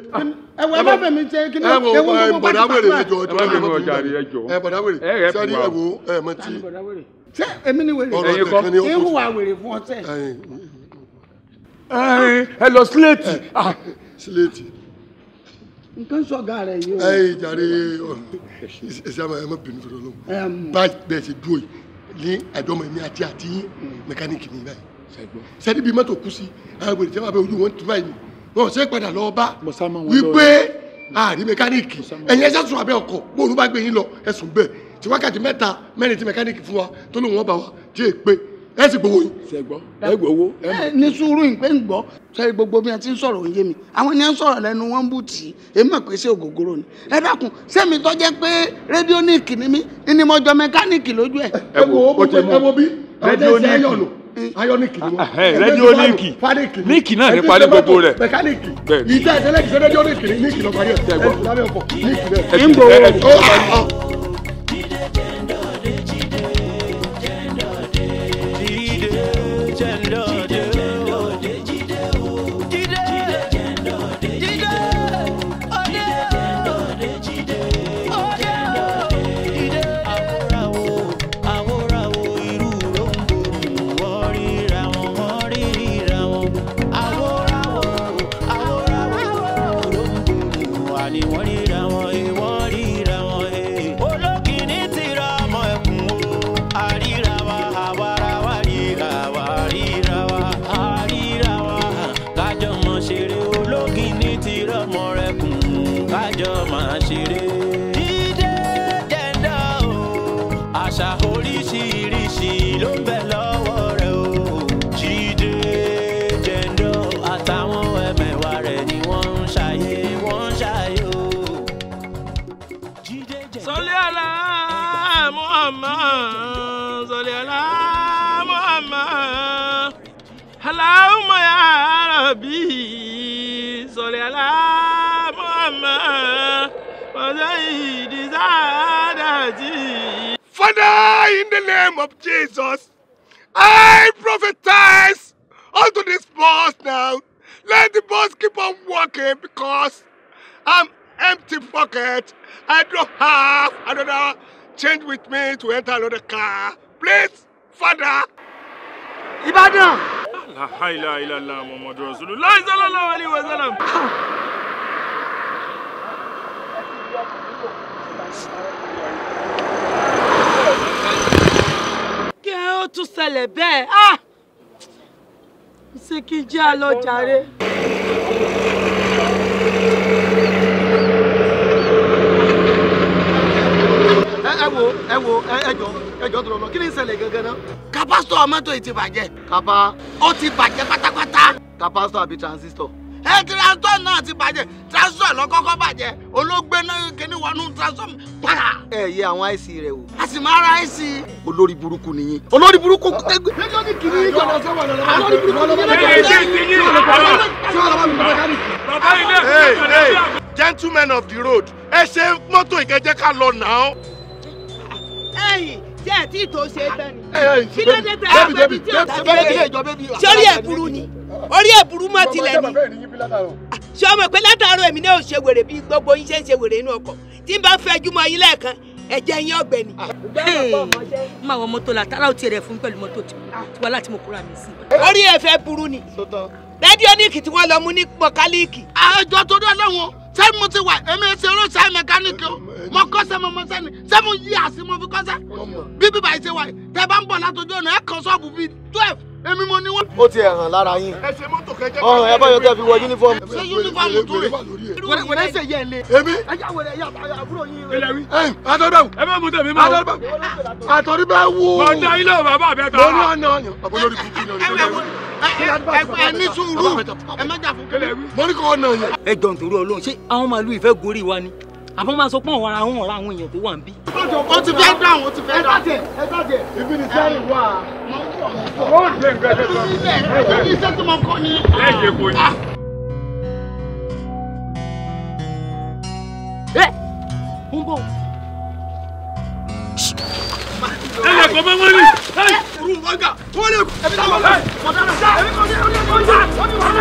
Speaker 1: ẹwọ ẹ má fẹ́ mi jẹ kí ni ewu gbogbo bá ti pàtó àti. ẹ má fẹ́ mi ọjà rí ẹ jọ. ẹ bọ̀dá wèrè sẹ́ni ẹ wo ẹ mọ ti. ṣé èmi ni wèrè. ọ̀rọ̀ ẹ̀kan ni ó kó. ewu wa wèrè fún ọtẹ. ẹ lọ síléètì. Ah. síléètì. nǹkan sọ ọ̀gá rẹ yìí o. ẹ jàre ẹsẹ̀ ẹ má bínú fún ọ lọ́wọ́ báyìí bẹ́ẹ̀ ṣe dúró yìí ní àdọ́mọ̀ èmi àti àti mẹkáníìkì mi báyìí sẹ́ni bíi mọ́tò kú sí àwọn ìgbèrè tí wọ́n bẹ ojú wọn tún báyìí wọn ò sẹ́ padà lọ bá wípé ààrí mẹkáníìkì ẹ̀yin ẹ̀ṣẹ́ sùn abẹ́ ọkọ̀ bóòlù bá gbé yín lọ ẹ̀sùn bẹ́ẹ̀ tí wákàtí mẹ́ta mẹ́rin tí mẹkáníìkì fún wa tó lóun wọn bá wa tí è pé ẹ sì gbowó yìí. ṣe gbọ́ ẹ gbowó. ní sùúrù ìpè ń gbọ́ sẹ́yìn gbogbo bí wọ́n ti ń sọ̀rọ̀ òye mi àwọn ènìyàn sọ̀rọ̀ lẹ́nu wọn bù tì í èmi mọ̀ pé ṣé ògógóró ni. ẹ dákun sẹ́mi tó jẹ́ pé rédíò ní ìkíní mi ni mo jọ mẹkáníìkì lójú ẹ̀. ẹ wo bí rédíò ní ìkíní ayọ́nìkì ni wọ́n. rẹ́díò níìkì níìkì náà ní parí gbogbo rẹ̀. mẹkáníìkì ìtẹ́ ẹ̀sẹ̀ lẹ́kì sẹ́ rẹ́díò níìkì níìkì lọ́ parí ẹ̀ ẹ̀ ń gbowó. Father, in the name of Jesus, I prophesize unto this bus now. Let the bus keep on working because I'm empty pocket. I don't have another change with me to enter another car. Please, Father. Ibadan.
Speaker 6: Thank you. kí ó tún ṣẹlẹ̀ bẹ́ẹ̀ á ah! ṣe kí
Speaker 1: jẹ́ àlọ́jàre. ẹ wo ẹ wo ẹ jọ ẹ jọ tó lọ kí ni ń ṣẹlẹ̀ gangan náà. kapásítọ̀ mọ́tò yìí ti bàjẹ́. kapa. ó ti bàjẹ́ pátápátá. kapásítọ̀ àbí transistor ẹ transform náà ti bàjẹ́ transform lọ kọ́kọ́ bàjẹ́ olóògbé náà kíní wọnú transform para. ẹ yẹ àwọn àìsí rẹ wò. a sì máa ra àìsí. olórí burúkú nìyí. olórí burúkú kẹgbẹ. lẹ́jọ́ ní kìíní yìí jọ̀dọ̀ sọ́wọ́ lọ́wọ́. olórí burúkú nìyí lẹ́jọ́ ní kìíní yìí jọ̀dọ̀ sọ́wọ́ lọ́wọ́. bàbá ilé ẹ gentlemen of the road ẹ ṣe mọ́tò ìkẹjẹ́ ká lọ náà.
Speaker 2: ẹyìn tí ẹ tí ì tó ṣe é
Speaker 1: bẹ́ẹ̀ ni kí ló dé tẹ ẹ bẹ́ẹ̀ bí tí ò tẹ bẹ́ẹ̀ bí sórí ẹ̀ burú
Speaker 2: ni orí ẹ̀bùrú mọ́ tilẹ̀ ni ṣé ọmọ pé látàárọ̀ èmi náà ò ṣe wèrè bí gbogbo yín ṣe ń ṣe wèrè inú ọkọ̀ tí n bá fẹjú mọ́ yín lẹ́ẹ̀kan ẹ̀jẹ̀ yín ọ̀gbẹ́ ni. má wọ mọ́tò la tara ò tiẹ̀ rẹ̀ fún mi pẹ̀lú mọ́tò tiwa láti mo kóra mi sí. orí ẹ fẹ́ burú ni rẹ́díọ́nìkì tí wọ́n lọ mú ní mọ̀kálíìkì. àjọ tó dọ́ lọ́wọ́ sẹ́ni mo ti wà èmi
Speaker 1: ṣe olóṣèlú mẹkáníìkì o mo kọ́sẹ́ mo mọ sẹ́ni sẹ́ni mo yí àsì mo fi kọ́sẹ́ bí bíbá yìí ṣe wà tẹ́ bá ń bọ̀ látọjú ọ̀nà ẹ̀ kan ṣọ́ọ̀bù bíi twelve èmi mo ní wọn. ó ti ẹ̀hàn lára yín. ẹ ṣe mọ́tò kẹjẹ. ọ̀hún ẹ bá yọ kẹ́ fi wọ yúnífọ́ọ̀mù. ṣé yúnífọ́ọ̀mù tó rè wẹ̀rẹ̀ ṣe yẹ lé. èmi. ẹyà wẹ̀rẹ̀ ẹyà àbúrò yín. ìlẹ̀wí. ẹyìn atọ́dọ̀wù. ẹ bá mú tẹ̀mí mọ́. atọ́dọ̀wù. àtọ̀rí bẹ́ẹ̀ ẹ ní sùúrù ẹ má jà fún kẹlẹ. mo ní ọ̀nà yẹn. ẹ jọ̀ǹtòrú ọlọ́run ṣé àwọn màálù ìfẹ́ gorí wa ni àbọ̀ máa sọ pé àwọn ará wọn ọ̀rá àwọn èèyàn tó wà ń bí. wọ́n ti fẹ́ dá àwọn ti fẹ́ dá. ẹ bàjẹ́ ẹ bàjẹ́ ibi ni sẹ́yìn wà. ó ń gbé nǹkan tó lọ. iṣẹ́ tí
Speaker 3: mo kọ́ ni. ẹ yẹ kò
Speaker 4: ah. ẹ ń bọ̀. ẹ
Speaker 1: yẹ kò bá wọ́n ní. rú wọn gà wọ́n lè. ẹbí náà wọ́n lè. ọ̀daràn sá ẹbí kan ní ọdún ẹgbẹ́ ọjà. wọ́n ti wọ́n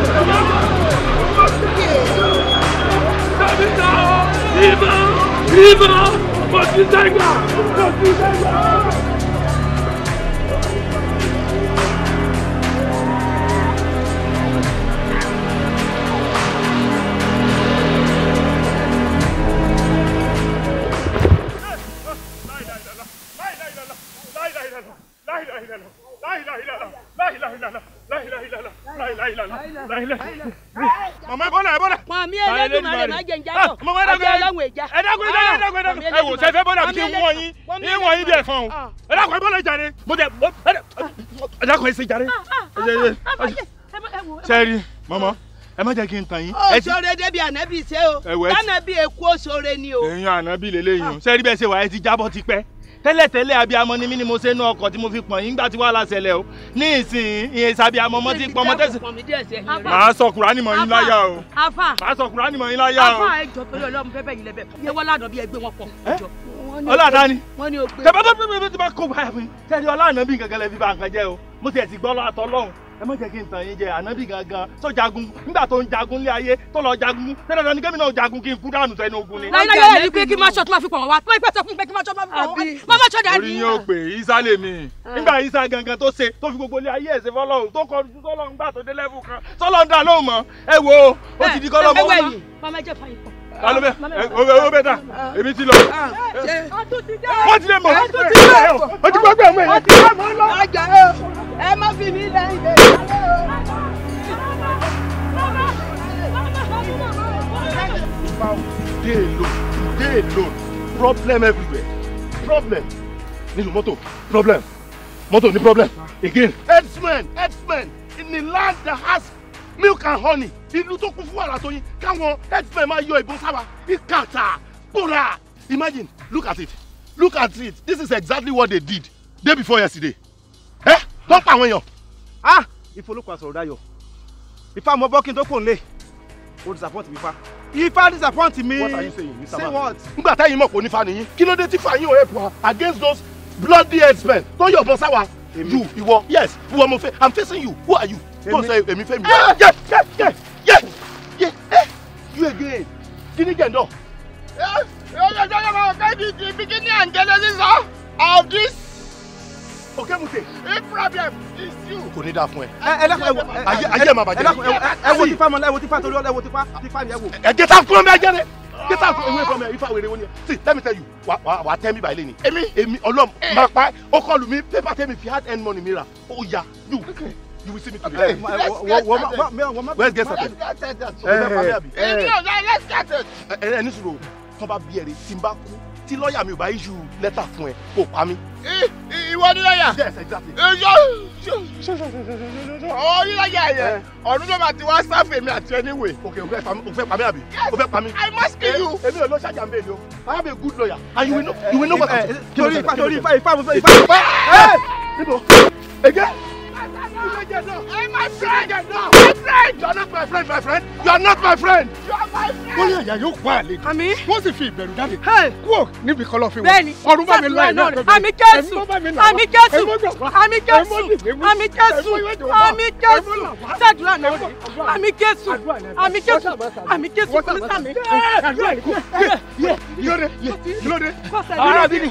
Speaker 1: lè. Viva!
Speaker 4: Viva! Batidega! Batidega! لا اله الا الله لا اله الا الله لا اله الا الله mama
Speaker 1: ẹ bọ́lá ẹ bọ́lá. mami ẹlẹ́dùnmá rẹ̀ má jẹ njá lọ ọjọ́ ọlọ́run ẹja. ẹ dákun ẹ dákun ẹ dákun ẹ wò sẹfẹ bọ́lá kí n wọ yín yín wọ yín bí ẹ̀fọn o ẹ dákun ẹ bọ́lá jàre mo jẹ
Speaker 4: ẹ dákun ẹ sì jàre. sẹ́ẹ̀rì
Speaker 1: mama ẹ má jẹ́ kí n tàn yín. ó sọ̀rọ̀
Speaker 2: débi ànábì ṣe o ànábì
Speaker 1: èkó sọ̀rọ̀ ni o. èèyàn ànábì lélẹ́yìn o sẹ́ẹ̀rì bẹ́ẹ̀ ṣe wà ẹ ti jábọ̀ tipẹ́ tẹ́lẹ̀tẹ́lẹ̀ abiyamọ ni mí ni mo ṣe nú ọkọ̀ tí mo fi pọ̀n yín gbà tí wàá la ṣẹlẹ̀ o ní ìsìn ìyẹn ìsàbíamọ mọ́ ti pọ̀ mọ́ tẹ̀sí. màá sọ kùránì mọ́ yín láyà o. màá sọ kùránì mọ́ yín láyà o. àfà ẹjọ
Speaker 6: pẹ̀lú Ọlọ́run bẹbẹ yín lẹbẹ yẹ wọn lànà bí ẹgbẹ wọn pọ.
Speaker 2: ọlọ́dà ni
Speaker 1: tẹ̀bá tó tẹ̀bá kó báyà fún mi tẹ̀lé ọlọ́dà bí nǹkan gẹ́lẹ́ bí bá nǹkan jẹ́ o mo ti ẹ̀ ti gbọ́ lọ́tọ̀ Ọlọ́run ẹ má jẹ́ kí n tàn yín jẹ ànábì gangan tó jagun nígbà tó ń jagun lé ayé tó lọ jagun dandan ni gómìnà jagun kí n kú dànù sẹ́nu ogun ni. láyé láyé ni pé kí n má ṣọ́ tó máa fi pọ̀ wọ́n wá tó máa pẹ́ sọ fún mi pé kí n má ṣọ́ tó máa fi pọ̀ wọ́n wá má má ṣọ́ dànù. orí yóò pè isa lè mi nígbà isa gangan tó ṣe tó fi gbogbo ilé ayé ẹ̀sẹ̀ fọlọ́run tó kọ sọlọ́run gbà tó dé lẹ́fù kan sọlọ́run dà lóhùn mọ́ ẹ wo ó ti di kọ́lọ́ mọ́ alo bẹ o bẹ ta èmi ti lọ. wọ́n ti lè mọ̀ ọ́ ti gbọ́ pé ọmọ
Speaker 2: yẹn ẹ má fi mí lẹ́yìn lè
Speaker 1: Dey alone, dey alone, problem everywhere, problem nínú mọ́tò, problem mọ́tò ní problem again. Herdsmen, herdsmen in the land that has milk and honey ìlú tó kún fún wàrà tó yín káwọn herdsmen máa yọ ìbọn sábà ìkàtà bóra imagine look at it look at it this is exactly what they did day before yesterday tó ń pa àwọn èèyàn. ah ìfolókun àsọ̀rọ̀ dayọ̀ ifá mo bọ́ kí n tó kò nílé o disappoint mi fa. ifá disappoint mi. what are you saying mr say what. ngbà táyìn mọ̀ kò ní fa nìyí kí ló dé tí fàyín ò èpò against those bloody headsmen tó yọ̀bọ̀n sáwa. you ìwọ yes ìwọ mo fẹ́ i'm facing you who are you. tó sọ èmi fẹ́ mi. yẹ yẹ yẹ yẹ yẹ you again kí ni gẹ̀ndọ̀. ẹ ẹ ẹ ẹ ẹ ẹ ẹ ẹ ẹ beginning and genesis of this Okay, Òkèmùtè. a problem is you. kò ní dáa fún ẹ. ẹ ẹ lẹkùn I want to find máa bàjẹ́. ẹ wo tipa mọ ẹ wo tipa torí ọlọ ẹ wo tipa tipa ni get wo. ẹ gẹ́tà fún mi ajẹ́rẹ́ gẹ́tà fún ewé fún see let me tell you what wà wà tẹ́ mi báyìí Emi èmi èmi ọlọ́m máa pa ó me. mi pépà tẹ́ mi fi hard end money Mira. Oh yeah. You. Okay. you will see me today. let's get started. let's get started. ẹ ẹ ní sùúrù tọ́ba bí ẹ̀rẹ̀ tí n bá kú tí lọ́ọ̀yà mi ò bá issue lẹ́tà fún ẹ kò pa mí. ìwọ ni lọ́ọ̀yà. yes exactly. ọ ní lọ́ọ̀yà yẹn ọ̀run ló máa ti wá sáfù èmi àti ẹni wè. ok o fẹ́ pa mí àbí. yes o fẹ́ pa mí. i must kill you. èmi ò lọ ṣàjà mbẹ́ ni o i have a good lawyer and you will know you will know what to do. torí ifá torí ifá ifá mo fẹ́ ifá. níbo again. My friend! My friend! You're not my friend, my friend! You're not my friend! You my friend! Bóyá ìyá yóò pa àlè. Àmì. Wọ́n sì fi ìbẹ̀rù jáde. Kúò níbi kan lọ fi wọ̀. Bẹ́ẹ̀ni, ọ̀run bá mi lọ iná pẹ̀lú. Àmì Jésù! Àmì Jésù! Àmì Jésù! Àmì Jésù! Àmì Jésù! Ṣàdúrà náà kọ̀.
Speaker 4: Àmì Jésù! Àmì Jésù!
Speaker 1: Àmì Jésù kò ní sàmì. Ṣàdúrà ní kò. Lóde! Lóde!
Speaker 4: Àwọn ará bí
Speaker 1: ni.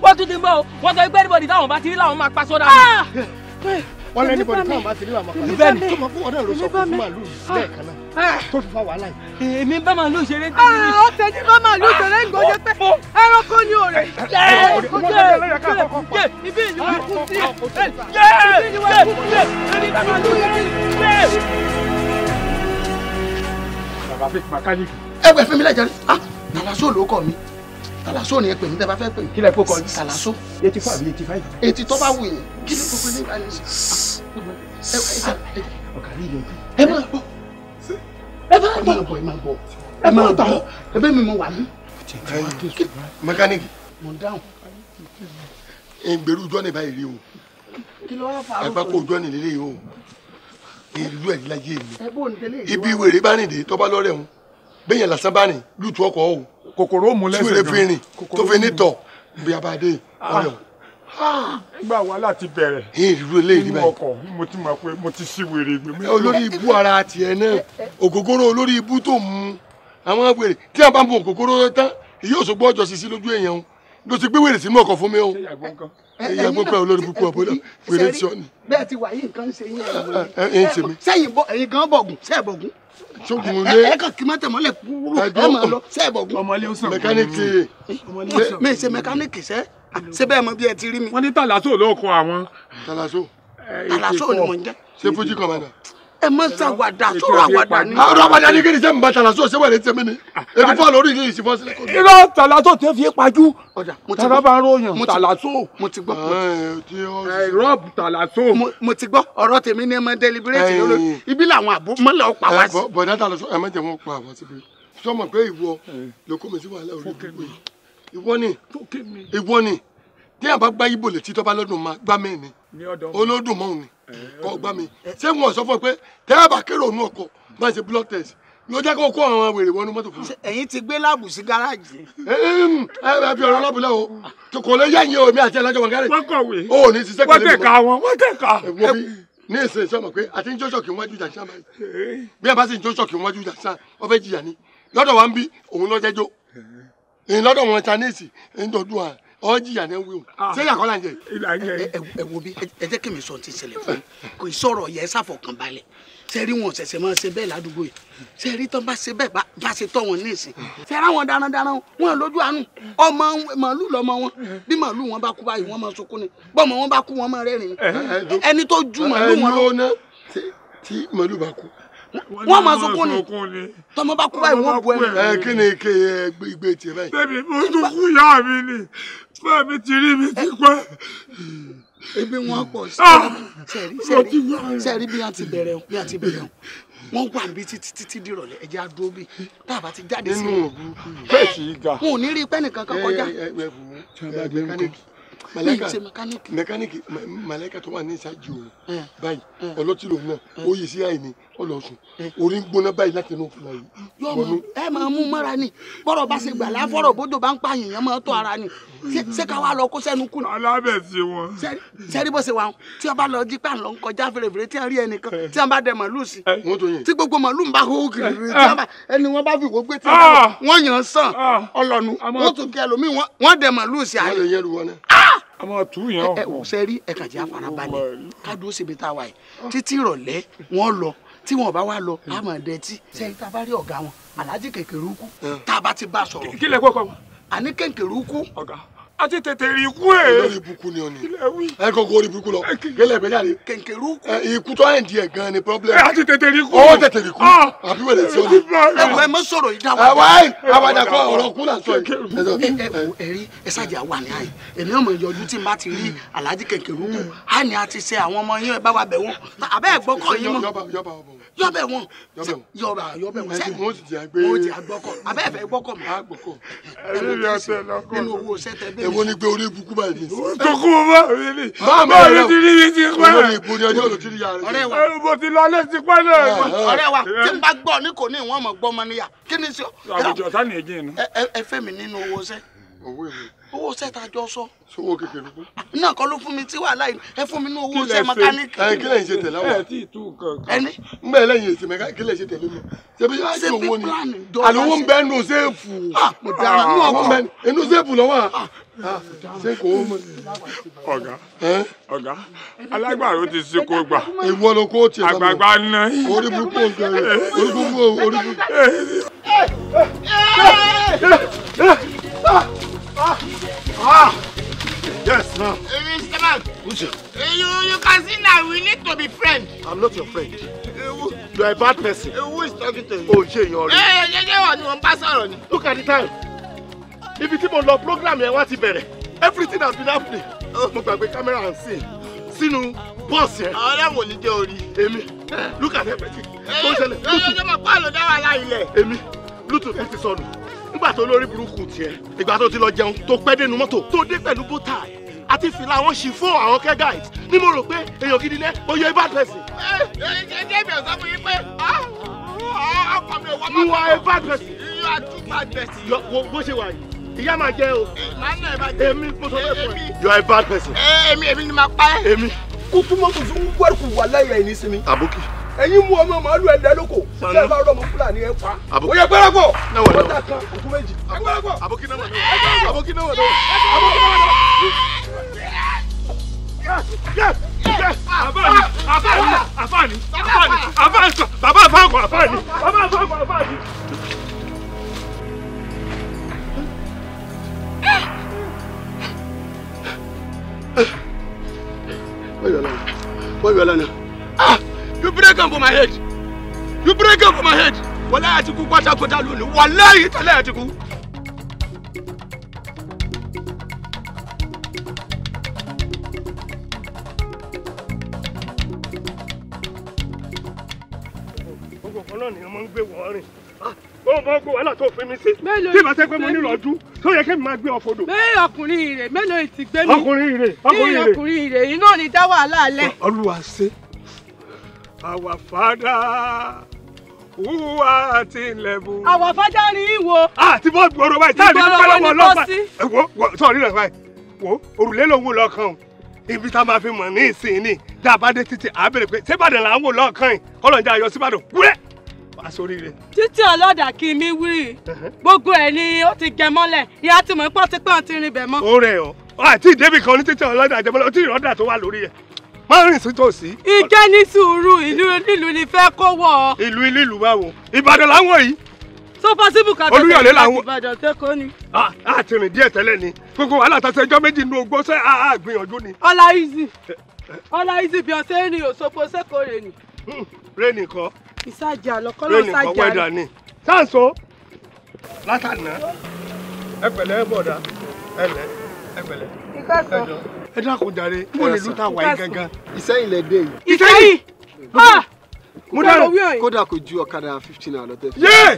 Speaker 1: Wọ́n tún ti ń bọ̀ o. Wọ́n sọ pé anybody táwọn bá ti rí
Speaker 8: làwọn máa pa sọ́dà
Speaker 1: wọn lẹni bọdẹ táwọn bá ti rí àwọn kan bẹ́ẹ̀ ni tó mọ fún ọdún ló sọ fún màálù bẹ́ẹ̀ ah, kan náà ah. tó fi fa wàhálà yìí. èmi bá màálù ṣeré ń ah, tẹ̀lé mi. ọ̀tẹ̀ ní bá màálù
Speaker 4: ṣeré ń gbọ́dọ̀
Speaker 2: pé ẹranko ni òrè. ibi eh, eh, ìlú
Speaker 4: ikú sí ibi eh, ìlú ikú sí ẹni bá màálù yẹn ní.
Speaker 1: bàbá fi màkánìkì. ẹ wẹ fún lẹjọ rí ah nàlásù olókọ mi tàlàsó ni ẹ pè mí tẹ bá fẹ́ pè mí. kílẹ̀ kó kọ yìí. tàlàsó. eighty four àbí eighty five. etí tó bá wù yín kí ni gbogbo ní ìbàdàn sí. ọ̀gá rí yọjú. ẹ máa bọ̀ ẹ máa bọ̀ ẹ máa bọ̀ ẹ máa bọ̀ ẹ bẹ́ẹ̀ mi mo wà ní. mẹkáníìkì. mo dáhùn. ìgbèrú jọ́ni báyìí rí o. kí ló wá fa àrùn. ẹ bá kó jọ́ni lélẹ́yìí o ìlú ẹ̀ láyé mi ibi ìwèrè bá nìdí tó lọ́rẹ̀ kòkòrò ò mú lẹ́sẹ̀ gan. tí wèrè fi rìn tó fi nítọ̀ bí abadé ah. ọ̀rẹ́ o ah. gbà wá láti bẹ̀rẹ̀. èrò eléyìí báyìí ọkọ̀ mo ti mọ̀ pé mo ti sí wèrè gbé. olórí ibú ara tiẹ̀ náà ògógóró olórí ibú tó mú àwọn wèrè tí a bá mú ògógóró tán èyí ò sọgbọ́n ọjọ́ sisi lójú èèyàn o ló ti gbé wèrè sínú ọkọ̀ fún mi o. ìyàgbọ́n pẹ́ olórí púpọ̀ ọ̀bọ̀dọ̀ wèrè tí ọ ni. bẹ́ẹ̀ ti wà yìí nǹkan ń ṣe yín ẹ̀yìn tèmi. sẹ́yìn gan bọ̀gùn sẹ́ẹ̀ bọ̀gùn sogun ilé ẹ kàn kí má tẹmọlẹ kúrú ẹ máa lọ sẹẹbọgún mẹkáníìkì mi ṣe mẹkáníìkì sẹ ṣe bẹ́ẹ̀ mọ bí ẹ ti rí mi. wọ́n ní tàlàsó ló kọ àwọn. tàlàsó tàlàsó ni mò ń jẹ́. ṣé fújì kọ̀mọ̀dà ẹ mọ sàwádà sọ̀rọ̀ àwàdà ni. ọ̀rọ̀ àwàdà ni ni sẹ n ba tala so sẹwẹrẹ tẹ mi ni èmi fọ lórí yìí sì fọ sílẹ̀. irọ́ tala so tẹ fi pajú tala bá ròyìn tala so. mo ti gbọ́ irọ́ tala so. mo ti gbọ́ ọ̀rọ̀ tèmi ni ẹ máa deliberate lórí ibi làwọn àbò mọ́lẹ̀ ọ̀pá wá sí. bọ̀dá tala so ẹ má jẹ́ wọn pa àwọn síbi sọmọ pé ìwọ ló kó mi wàhálà orí ìdúgbò yìí ìwọ ni ìwọ ni tí àbá gbá ibo lè títọ́ bá lọ́dún ma gbá mẹ́rin ni olódùn ni kọ́ gbá mi ṣé wọn sọ fún ọ pé tẹ́ ẹ bá kérò ònú ọkọ̀ máa ṣe blood test ló jẹ́ kó kó àwọn wèrè wọnú mọ́tò fún mi. ẹ̀yin ti gbé láàbù sí gáràjì. ẹ ẹ bí ọ̀rọ̀ láàbù lẹ́wọ̀ kò lè yẹ̀yìn o mi àti ẹlẹ́jọ́ wọn gárẹ̀. wọ́n kọ̀wé o ní sísẹ́ kẹlẹ́ mi. wọ́n tẹ̀ka wọn wọ́n tẹ̀ka. ní ìsìn sọ́mọ̀ pé àti njó ṣọ̀kì wájú ìjà sáà
Speaker 4: báyìí
Speaker 1: bí a bá sì njó ṣọ̀kì wájú ìjà sáà wọ́n fẹ́ jìyà ni lọ́dọ̀ wa ń bí òun lọ́jẹ́jọ́ lọ́dọ̀ wọn Chinese ń dọ̀dún à ọ jìyà náà wí o ah. ṣé yàkọ́ là ń jẹ. ẹ wo bí ẹ jẹ́ kí mi sọ ti ṣẹlẹ̀ fún kò ì sọ̀rọ̀ yẹ sáfọ̀kàn balẹ̀ ṣe rí wọn ṣẹ̀ṣẹ̀ máa ṣe bẹ́ẹ̀ ládùúgbò yìí ṣe rí tán bá ṣe bẹ́ẹ̀ bá ṣe tọ́ wọn ní ìsìn ṣe ráwọn darandaran wọn lójú àánú ọmọ màálù lọmọ wọn bí màálù wọn bá kú báyìí wọn máa sunkún ni bọ́mọ wọn bá kú wọn máa rẹ́rìn ẹni tó ju màálù wọn lọ. ẹni lóná tí màálù bá kú wọ́n máa sunkún ni tọmọ bá kú báyìí wọ́n bu ẹ. ẹ kí ni ike igbe tiẹ báyìí. bẹ́ẹ̀ni mo tún kú ìyá mi ni bẹ́ẹ̀ mi ti rí mi ti pẹ́. ebi wọn pọ̀ sẹẹri sẹẹri sẹẹri bí wọn ti bẹ̀rẹ̀ bí wọn ti bẹ̀rẹ̀ wọn wà níbi títí títí dìrọ̀lẹ́ ẹjẹ adúró tá a bá ti jáde sí i. nínú òbú bẹ́ẹ̀ sì ga. wọn ò ní rí pẹ́ẹ́nì kankan kọjá. ẹ ẹ ẹ ẹ ẹ ẹ ẹ ẹ ẹ ẹ ẹ ẹ ẹ ẹ ẹ ẹ mẹkáníìkì mẹkáníìkì tó wà ní ìsájú òun eh, báyìí eh. ọlọ́tí lòun náà eh. ó yìí sí àìní ọlọ́sùn orí ń gbóná báyìí láti inú fúnra yìí. yọmọ ẹ máa mú mọ́ra ni bọ́rọ̀ bá ṣe gbà láfọ́rọ̀ bójú bá ń pa èèyàn máa tọ́ ara ni ṣé ká wá lọ kó sẹ́nu kùnà. alábẹ̀ sí wọn. sẹ́rí bó ṣe wà wọn tí wọ́n bá lọ jí pàǹlọ́ ń kọjá fèrèfèrè tí wọ́n rí ẹnìkan tí wọ́n bá dẹ màlúù sí. tí gbogbo màlúù ń bá hó kiri ah. ẹni wọ́n bá fi wò gbé tí ah. wọ́n yàn sàn ah. ọlọ́nu wọ́n tún kẹ́ lómi wọ́n dẹ màlúù sí àná a máa tú yẹn o. ẹ wò ṣe rí ẹ kàjẹ́ àfarabalẹ̀ oh ká dúró síbi tá a wà yìí títí ìrọ̀lẹ́ wọ́n lọ tí wọn bá wá lọ a máa dẹtí sẹ́yìn tá a bá rí ọ̀gá wọn aláàjì kékeré kú tá a bá ti bá sọ̀rọ̀. kí lè kọ́kọ́ wọn. àní kékeré kú a ti tètè rí ikú ẹ. olórí burúkú ni òní ẹ kọ́kọ́ orí burúkú lọ gẹ́lẹ́ bẹ́ẹ̀ jáde. kẹ̀kẹ́rú kù. ikú tó ẹ̀ ẹ̀ gan ni problem. a ti tètè rí ikú. ọwọ́ tètè rí ikú ah. àbí wẹ̀lẹ̀ sí òní. ẹ wọ ẹ mọ sọ̀rọ̀ yìí dáwọ. àwa ẹ àwàdà kọ ọ̀rọ̀ kú là sọ yìí. ẹ wo ẹrí ẹ ṣàjà wà ní àyè èmi ọmọ ìyọjú tí n bá ti rí alhaji kẹ̀kẹ́rú mu á ní a ti ṣe àwọn ọmọ yín ẹ bá wa bẹ̀ wọ́n àbẹ́ ẹ̀ gbọ́kọ̀ yín mọ́ yọbẹ wọn yọba yọbẹ wọn sẹ wọn ti àgbọkọ àbẹ́ ẹ̀ fẹ́ gbọ́kọ̀ mi. nínú owó sẹ́tẹ̀ èwo ni pé orí ibùkún báyìí ni. tó kú bá mi ni bá mi ti rí mi ti pẹ́. olórí ìbò ni ọjọ́ olùtí ìyá rẹ̀. ọ̀rẹ́ wa mo ti lọ lẹ́sí pẹ́ náà. ọ̀rẹ́ wa tí n bá gbọ́ ní kò ní ìwọ̀n ọmọ gbọ́ ọmọ níyà kí ni sọ. àwùjọ sani èjì ni. ẹ fẹ́ mi nínú owó sẹ́ owó èmi. owó iṣẹ́ tá a jọ sọ. sowó kékeré fún. náà kọ́ ló fún mi tí wàhálà yìí ẹ fún mi ní owó iṣẹ́ mẹkáníìkì. ẹ kí lẹ́yìn ṣe tẹ̀lé àwọn. ẹni. n bẹ lẹ́yìn èsì mẹkáníìkì kí ṣe tẹ̀lé mi. ṣebí yóò ṣe owó ni àlówó ń bẹ nù sẹ́ẹ̀fù. mo dára nù sẹ́ẹ̀fù lọ́wọ́ ṣé kò ó ọ̀gá ọ̀gá alágbàro ti sí kó gbà. ìwọ ló kó tiẹ̀ lọ́nà àgbàgbà ná. orí burúkú òǹkà rẹ̀ orí burúkú orí burúkú. Ah! Ah! Yes, now. Mr. Man. Uche. You, you can see now we need to be friends. I'm not your friend. You are a bad person. Who is talking to you? Oh, Yori. Eh, Oje Yori, wọ́n Look at the time. Ibi tí on lọ program you want to be bẹ̀rẹ̀. Everything has been happening. Mo gbàgbé camera and See Sínú boss here. Ọ̀rẹ́ wo ni jẹ́ orí? Amy. Look at everything. Tó ń ṣẹlẹ̀. Ojoojúmọ̀ Paul dá wà láyé ilẹ̀. Èmi. Bluetooth nígbà tó lórí burúkú tiẹ̀ ìgbà tó ti lọ jẹun tó pẹ́ dénú mọ́tò tó dé pẹ̀lú bótáì àti fìlà àwọn ṣìfún àwọn kẹ́gáìt ni mo rò pé èèyàn gidi ní oyè a bad ẹ ẹ jẹ́ mi ọ̀sán fún yín pé ọkọ mi ò wá mọ́tò. you are a bad person. you are too bad bó ṣe wà yìí ìyá máa jẹ o. màánà ẹ máa jẹ èmi mo sọ bẹ́ẹ̀ fún ẹ. you are a èmi èmi ni màá pa ẹ́. èmi. kúkú mọ́tò tí wọ́n wẹ́rù wà láyà ẹ̀ ní sinmi. àbókì ẹ̀yin mú ọmọ màálù ẹ̀dẹ́ lóko ṣé ẹ bá rọ ọmọ fúlàní ẹ pa ó yẹ gbẹ́rẹ́ pọ̀ ó dà kan òkú méjì ẹ gbẹ́rẹ́ pọ̀. àbókí náà wà náà àbókí náà wà náà àbókí náà wà náà. àfáàní àfáàní àfáàní àfáàní bàbá àfáàkọ àfáàní bàbá àfáàkọ àfáàní. Wọ́n yọ̀ lánàá. Wọ́n yọ̀ lánàá break am for my head you break am for my head wàláyé àti kú pátákótá lónìí wàláyé tẹ́lẹ̀ àti kú. ni ọlọ́ọ̀ni ọmọ ń gbé wọ́n rìn ó mọ gbogbo wàhálà tó fi mi ṣe tí ìbá tẹ́ pé mo ní lọ́jú tó yẹ kí mi máa gbé ọ̀fọ̀dọ̀. bẹ́ẹ̀ ọkùnrin ìrè mélòó ti gbé mi ọkùnrin ìrè ọkùnrin ìrè iná ni dá wàhálà lẹ̀. olúwa ṣe Our Father who art in heaven. Our Father ni ìwọ. àti bọ́ọ̀dù gbọ́dọ̀ báyìí táà ní pẹ́ lọ́wọ́ ọlọ́pàá ẹ̀wọ́ sọ̀rí rẹ̀ báyìí wo òrùlé ló ń wò lọ́kàn o ibi tá a máa fi mọ̀ ní ìsìn dá a bá dé títì à bèrè pé ṣébàdàn là ń wò lọ́kàn yìí kọ́lọ̀njà ayọ̀ síbàdàn wúrẹ́ wá sórí rẹ̀.
Speaker 6: títí ọlọ́dà kì í mi wírì gbogbo ẹ̀ ni ó ti gẹ mọ́lẹ̀
Speaker 2: ìyá ti mọ̀ pọ́n rin bẹ̀ mọ́. ó rẹ̀
Speaker 1: ọ́ àti ìdébì ní títí ọlọ́dà jẹ́mọ́lẹ̀ ó ti ìrọ́dà tó wà lórí ẹ̀ má rìn sí tòsí. ìjẹ́ ní sùúrù ìlú nílùú ni fẹ́ kó wọ̀. ìlú nílùú báwo ìbàdàn làwọn yìí. so possible kàtà tẹ̀lé láti ìbàdàn tẹ́kọ̀ọ́ ni. a ti rìn díẹ̀ tẹ́lẹ̀ ni gbogbo wàhálà tàṣẹ ọjọ́ méjì nínú ogbó sẹ́ a gbìyànjú ni. ọlá izi. ọlá easy bí ọsẹ rìn òṣogbo sẹ́kọ̀ọ́ rẹ̀ ni. rẹ́nì kọ́. ìsájà lọ́kọ́lọ́ ìsájà rẹ̀. rẹ́nì kọ́ wẹ́dà ni. sáǹsó látàná ẹ pẹ̀lẹ́ bọ̀dá ẹ lẹ́ ẹ dákun jàre mo lè lùtà wáyé gangan. ìsẹ́yìn lẹ dé yìí. ìsẹ́yìn mo dára ah! kódà kò ju ọ̀kadà fifteen naira lọ́tẹ̀. yé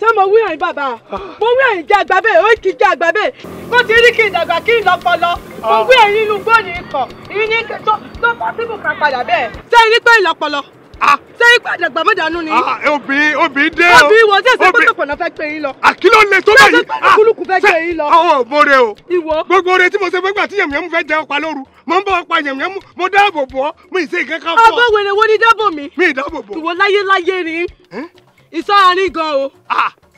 Speaker 2: ṣé mo wí àyín bàbá ah. mo wí àyín jẹ àgbà bẹ́ẹ̀ ó kì í jẹ àgbà bẹ́ẹ̀
Speaker 1: kó ti rí kí n dàgbà kí
Speaker 2: n lọ pọlọ mo ah. wí àyín inú gbòòrò
Speaker 6: ikọ̀ ìyín tó tó pọ́sibù kan padà bẹ́ẹ̀.
Speaker 2: ṣé ilé pé ìlọpọlọ Ah. ṣé ipa àdàgbà mọ́ dànù ni.
Speaker 1: obìnrin ah, obìnrin dé o obìnrin wọ sẹ́sẹ́ pé tọkànnà fẹ́ gbé yín lọ. àkìlọ̀ ah, lè tó bẹ́ẹ̀ yìí sẹ́sẹ́ pé kúlùkù fẹ́ gbé yín lọ. ọwọ́ mo re o gbogbo ore tí mo ṣe gbégbà tí yẹ̀mùyẹ̀mù fẹ́ jẹ́ ọ̀pá lóru mo ń bọ̀ ọ̀pá yẹ̀mùyẹ̀mù mo dáàbò bọ̀ Mo ì ṣe ìkẹ́kọ̀ọ́ fún ọ. ọgbọ́n wèrè wo ni dáàbò mi. mi ì dáàbò bọ̀. ìwọ láyé
Speaker 2: láyé ni ìsọ àárín gan o.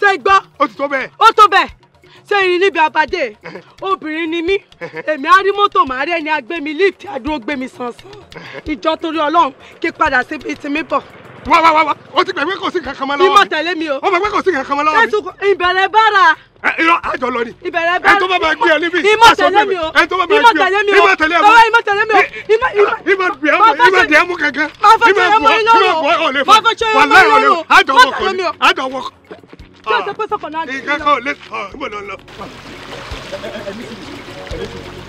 Speaker 2: ṣé gbọ́. ó ti tó bẹ́ẹ̀. ó tó bẹ́ẹ̀ sẹ́yìn níbi abajẹ́ obìnrin ni mí èmi á rí mọ́tò màá rí ẹni agbẹ́mi lift àdúró gbẹ́mi sànsán ìjọ torí ọlọ́run kí padà síbi tìmí bọ̀. wá wá wá wá
Speaker 1: o ti gbàgbé kò sí nǹkan kan mọ́ lọ́wọ́ mi. ìmọ̀ tẹ̀lé mi o. o gbàgbé kò sí nǹkan kan mọ́ lọ́wọ́ mi. ẹ̀sùn ìbẹ̀rẹ̀ bára. ẹ irọ́ àjọ lọ ni. ìbẹ̀rẹ̀ bára ẹni tó bá bá gbé ẹ níbí. ìmọ̀ tẹ̀lé mi o. ẹni tó bá bá gbé ẹ níbí. ìmọ̀ tẹ̀lé mi o. ìmọ̀ tẹ̀lé mi o.
Speaker 6: Pasa, pasa con
Speaker 1: alguien. Hijo, let's go. Bueno, no.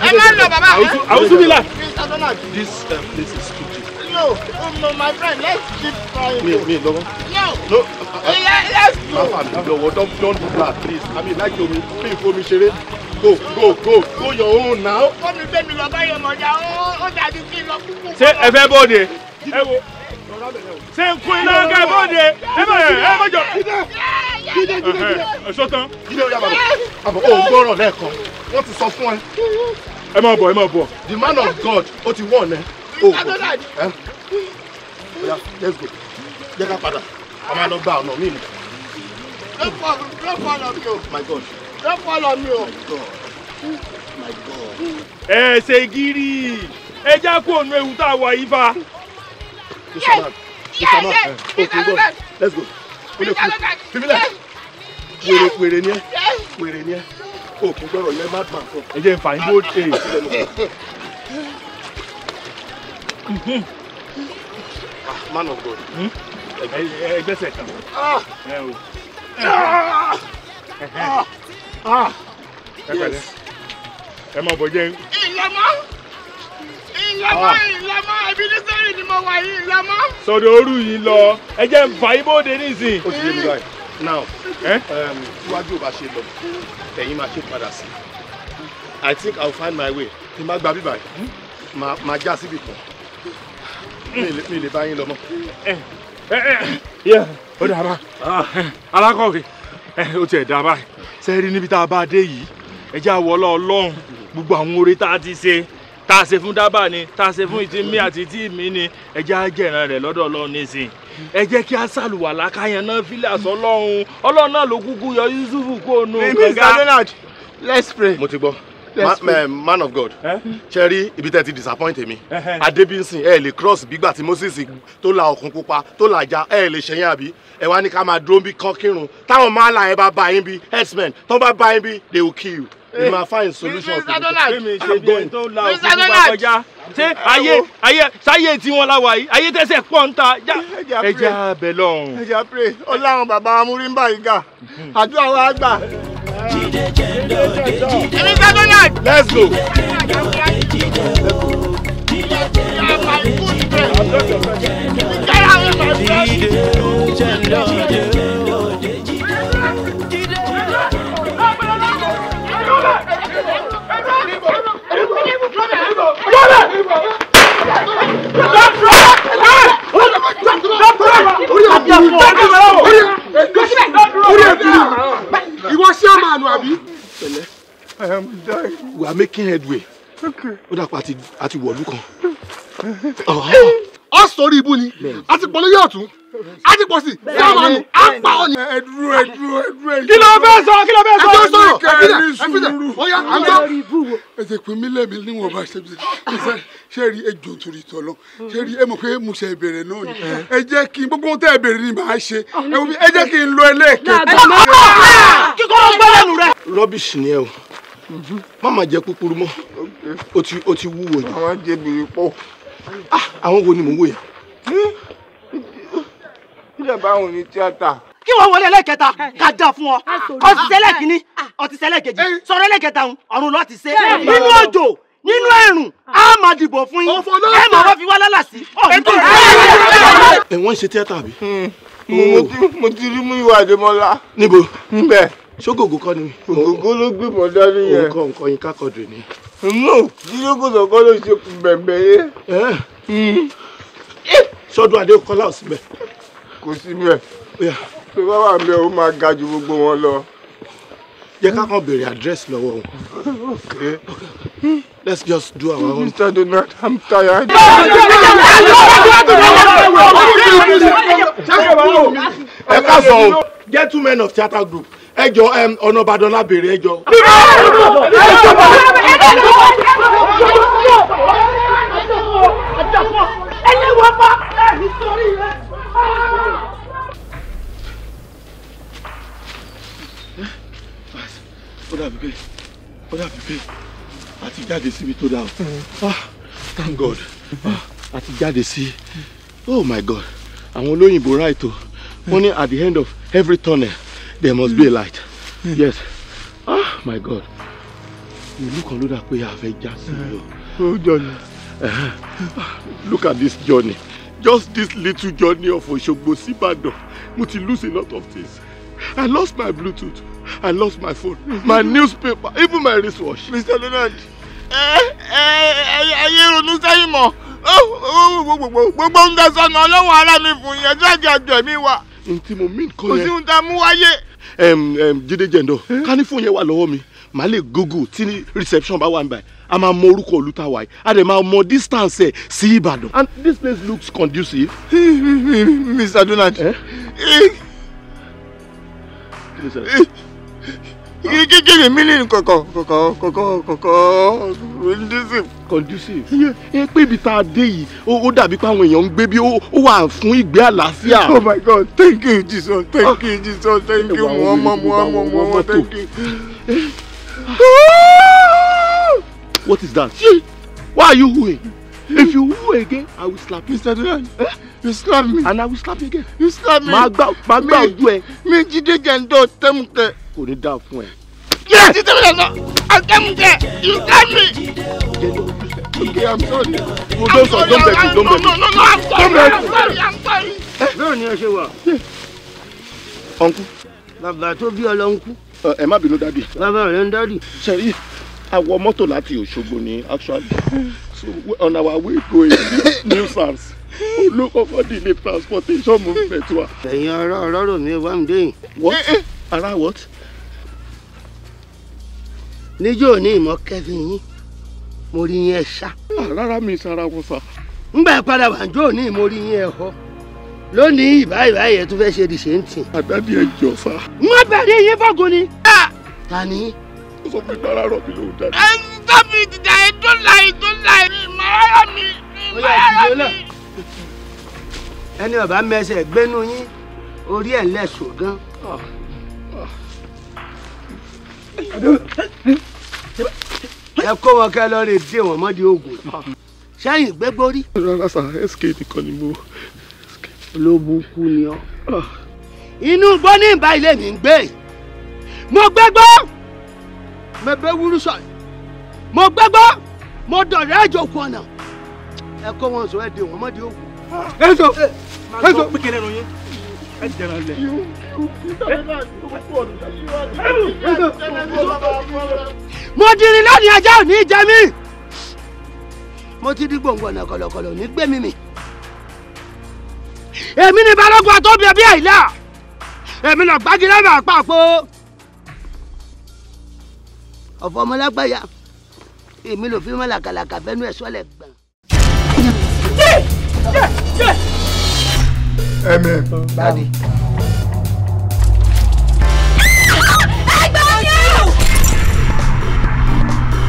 Speaker 1: ẹ má lọ bàbá. àwùjọ mi là. Mr. Donald. this uh, place is too no oh no my friend let's keep trying. Me, me, lọ́wọ́. Uh, uh, no no. iye let's go. máa fà mí lọ́wọ́ do that please i mean like omi mi n fomi ṣeré go go go go your own now.
Speaker 2: ó mi gbé mi lọ báyọ̀ mọ̀jà ó dàbí kí n lọ kúkú. ṣé
Speaker 4: ẹ
Speaker 1: ṣe ń kún iná ká bóde ibẹ̀ ẹ mọ̀jọ.
Speaker 4: jíde jíde jíde.
Speaker 1: ẹ̀ṣọ́ tán. jíde ó yá bàbá àbọ̀ ó gbọ́rọ̀ lẹ́ẹ̀kan wọ́n ti sọ fún ẹ. ẹ the man of God ó ti wọ̀ ọ̀nẹ́. o kò ya let's go jẹ́ ká padà a máa lọ no, me. Don't oh. no follow no follow mi o. my God. Don't follow mi o. Oh.
Speaker 4: my God.
Speaker 1: ẹ ṣe gírí ẹ já kó ònú ewu tá a wà yí fa push am out push am out okay go let's go o lè kú fífílẹ̀ wèrè wèrè ni ẹ wèrè ni ẹ òkè gbọ́rọ̀ yẹn má bà fún. ẹ jẹ́ n fà yín bó dé. Ah, man of God. Hmm? ẹgbẹ́sẹ̀ kan. Ah. ẹ o. Ah. Ah. Ah. má bọ̀ jẹ́.
Speaker 4: ìlànà ìlàmọ́ ah. ìlàmọ́ ebeneseri ni mo wà yìí ìlàmọ́.
Speaker 1: sọ̀dọ̀ ooru yìí lọ ẹ jẹ́ n ibóde nísìn. o ti yé mi báyìí now um, iwájú ò bá ṣe lọ ẹ̀yin máa ṣe padà sí i think i will find my way tí n bá gba bíbá yìí máa já síbi kan mi lè bá yín lọ mọ́. ó dà bá ah. alákọ̀wé ó tiẹ̀ dà báyìí sẹ́ẹ̀rí níbi tá a bá dé yìí ẹ jẹ́ àwọ̀ ọlọ́ọ̀lọ́hún gbogbo àwọn oore tá a ti ṣe tá a ṣe fún ni tá a ṣe fún mi àti ìtí mi ni ẹ jẹ́ àjẹ̀ràn rẹ̀ lọ́dọ̀ ọlọ́run nísìn ẹ jẹ́ kí a ṣàlùwàlá káyàn náà fílẹ̀ àṣọ ọlọ́run ọlọ́run náà ló kúkú yọ yusufu kó o nù gbẹ̀gà. Leonard let's pray. mo ti gbọ́ eh, man of God eh? ṣe rí ibi tẹ́ ti disappoint mi eh, Adébísìn ẹ lè cross bígbà tí Moses tó la ọkùn pupa tó la ja ẹ lè ṣẹyìn àbí ẹ wá ní ká máa dúró bí kán táwọn máa la ẹ bá bá yín bí herdsmen tó bá bá yín bí they will kill you you ma find solution to it. Mr. Donald Mr. Donald ṣé ayé ayé sáyé tí wọ́n la wà yìí ayé tẹ́sẹ̀ pọ̀ ń ta ẹja abẹ lọ́hùn. ẹja pray ọláwọn bàbá amúrí ń bá yìí gà àdúrà wa gbà. Mr. Donald.
Speaker 4: let's go. Jẹ́ndọ̀ jẹ́ndọ̀ jẹ́ndọ̀.
Speaker 1: We are making headway. Okay. Ó dàpọ̀ àti wọ̀lú kan. [laughs] ọ sọrí ibú ni àti pọ̀ lóyè ọ̀tún àti pọ̀ sí sáwọn ni à ń pa ọ ni. ẹ dúró ẹ dúró ẹ dúró ẹ dúró. kí ló fẹ́ sọ kí ló fẹ́ sọ. ẹ jọ sọ̀rọ̀ ẹ fi dẹ ẹ fi dẹ ọyá à ń gbọ́. ẹ jẹ pé mi lẹ́mi níwọ̀n bá ṣe bí ṣe ṣe rí ejò torí tọ̀lọ̀ ṣe rí ẹ mọ̀ pé mo ṣe ìbẹ̀rẹ̀ náà ni ẹ jẹ́ kí n gbogbo tẹ́ ìbẹ̀rẹ̀ ni màá ṣe ẹ jẹ́ kí n lo ẹlẹ́ẹ̀kẹ́.
Speaker 4: kíkọ́ gbọ́dọ̀
Speaker 1: nù rẹ. rọ́bìṣì ni ẹ o mhm. má má jẹ kúkúrú mọ́ o ti wúwo yìí. àwọn jẹ bìrì pọ̀. Ah, àwọn wo ni mò ń wò yẹn. ìjà báwọn ní tíátà.
Speaker 7: kí wọ́n wọlé
Speaker 2: ẹlẹ́kẹta ká dà fún ọ ọtí sẹ́lẹ̀ kìíní ọtí sẹ́lẹ̀ kejì sọ̀rọ̀ ẹlẹ́kẹta ọ̀run lọ́ọ́ ti
Speaker 1: ṣe nínú òjò nínú ẹ̀rùn á máa dìbò fún yín ẹ máa wá fi wá lálà sí ọ̀run tó rà. ẹ wọ́n ń ṣe tíátà bí. Hmm. mo ti rí mú ìwà àdèmọ́lá. níbo. nbẹ. ṣé gògó kọ́ ni. gògó ló gbé mọ́ dání yẹn. òun kọ́ nǹkan yín kákọ̀dù ni no yíyókù sọ̀kọ́ ló ṣe kù bẹ̀bẹ̀ yé. sọ́dún adé kọ́lá òsì bẹ̀. kò sí mẹ́ tó bá wà mẹ́ ó máa ga ju gbogbo wọn lọ. jẹ́ ká kàn béèrè àdírẹ́sì lọ́wọ́ wọn. okay let's just do our own. Mr. Donald i'm tired. ẹ ká sọ o get two men of theatre group ẹ jọ ọ̀nà ìbàdàn lábẹ́rẹ́ ẹ jọ ó dàbí pé ó dàbí pé a ti jáde síbi tó dáa ah thank god a ti jáde sí oh my god àwọn olóyìnbó right o wọ́n ní at the end of every tunnel there must be a light yes ah my god ìlú kan ló dà pé a fẹ́ já sí i o. ó jọ look at this journey just this little journey of Òṣogbo síbàdàn mo ti lose a lot of things i lost my bluetooth i lost my phone my mm-hmm. newspaper even my wristwatch. mr donald ẹ ẹ ayé ronú sẹ́yìn mọ́ oh, oh, oh, gbogbo ń dẹ sọnù ọlọ́wọ́ ara mi fún yẹn tí àjọ mi wà. n tí mo mí kọ́ yẹn kò sí ohun tá a mú wáyé. jíde jẹ̀ndọ̀ eh? ká ní fóun yẹn wà lọ́wọ́ mi màá lè google tí reception bá wà níbàyí a máa mọ orúkọ ìlú tá yìí a dẹ̀ máa mọ distance ẹ̀ sí Ìbàdàn and this place looks conducive. [laughs] Mr. Donald. Eh? kékeré mi ní kọ̀kọ̀ kọ̀kọ̀ kọ̀kọ̀ kọ̀kọ̀ conducive. conducive ẹ pé ibi tá a dé yìí ó dàbí pé àwọn èèyàn ń gbé bí ó wà fún ìgbé àlàáfíà. oh my god thank you jesus thank ah. you jesus thank you muhammed muhammed muhammed thank you. Eh? What is that? Why are you hooing? If you hoo again, I will slap you. Mr. Duran, eh? you slap me. And I will slap you again. You slap me. Màá gbá My gbá ojú ẹ. Mi jíde jẹ̀ǹdọ̀ tẹ́mùkẹ́. Kò ní dáa fún ẹ.
Speaker 4: Yé! Jíde jẹ̀ǹdọ̀ tẹ́mùkẹ́. You slap me. Okay, I'm sorry. Oh, don't sorry, don't beg me, don't beg me. No, no, no, I'm sorry, I'm sorry, I'm eh? sorry. Bẹ́ẹ̀ ni ẹ ṣe wà.
Speaker 1: Ọ̀nkú. Bàbá tó bí ọlọ́nkú ẹ má bínú dádì. bàbá rẹ ń dádì. sẹ́rí àwọ mọ́tò láti Òṣogbo ni actually so on our way going New SARS look over the new transportation movement wa. ẹ̀yin ọ̀rọ̀ ọ̀rọ̀ rò mí wá mi dé. what eh, eh. ara what. níjó ní ìmọ̀ kẹ́fìn yín mo rí yín ẹ̀ ṣá. Ah, rárá mi sara wọn sá. ńgbà padà wà ń jó ní ìmọ̀ rí yín ẹ̀ họ lónìí ìbáyìí báyìí ẹ tún fẹ́ ṣe ìṣe ń tì. àdàbí ẹ jọfa. mo bẹ̀rẹ̀ yín fọ́gun ni. Ah! ta ni. ó sọ pé bàrà rọ̀ mi ló dá.
Speaker 4: ẹ ń tọ́ mi dìda ẹ tó la ẹ tó la ẹ ìmọ̀lára mi ìmọ̀lára mi.
Speaker 1: ẹni bàbá mẹsẹ̀ gbénu yín orí ẹ̀ lẹ́sùn gan. ẹ kó wọn kẹ lọ rè dé wọn mọ́ di oògùn sẹ́yìn gbégbórí. rárá sá sk nìkan ni mo olóbùkú ni ọ. inú igbó ní ìbá ilé mi ń gbé mo gbégbó mo bẹ wúrú sọ mo gbégbó mo dọ̀rẹ́ àjòkù ọ̀nà ẹ kọ́ wọn sọ ẹ dé wọn mọ́dé òkú. ẹ sọ eh, ẹ sọ pé kẹlẹ ló ẹ jẹrán lẹ. mo dirin lónìí ajá ò ní jẹ mo ti di gbòǹgbò ọ̀nà kọ̀lọ̀kọ̀lọ̀ ní gbẹ̀mí èmi ni balógun àtọ́bí ẹbí àìlá èmi náà
Speaker 2: gbági lẹ́nu àpapọ̀ ọ̀fọ̀ ọmọlágbáyà èmi ló fi mọ́ làkàlàkà bẹ́nu ẹ̀ sọ́lẹ̀ gbọ̀n.
Speaker 1: ẹ̀mí báyìí.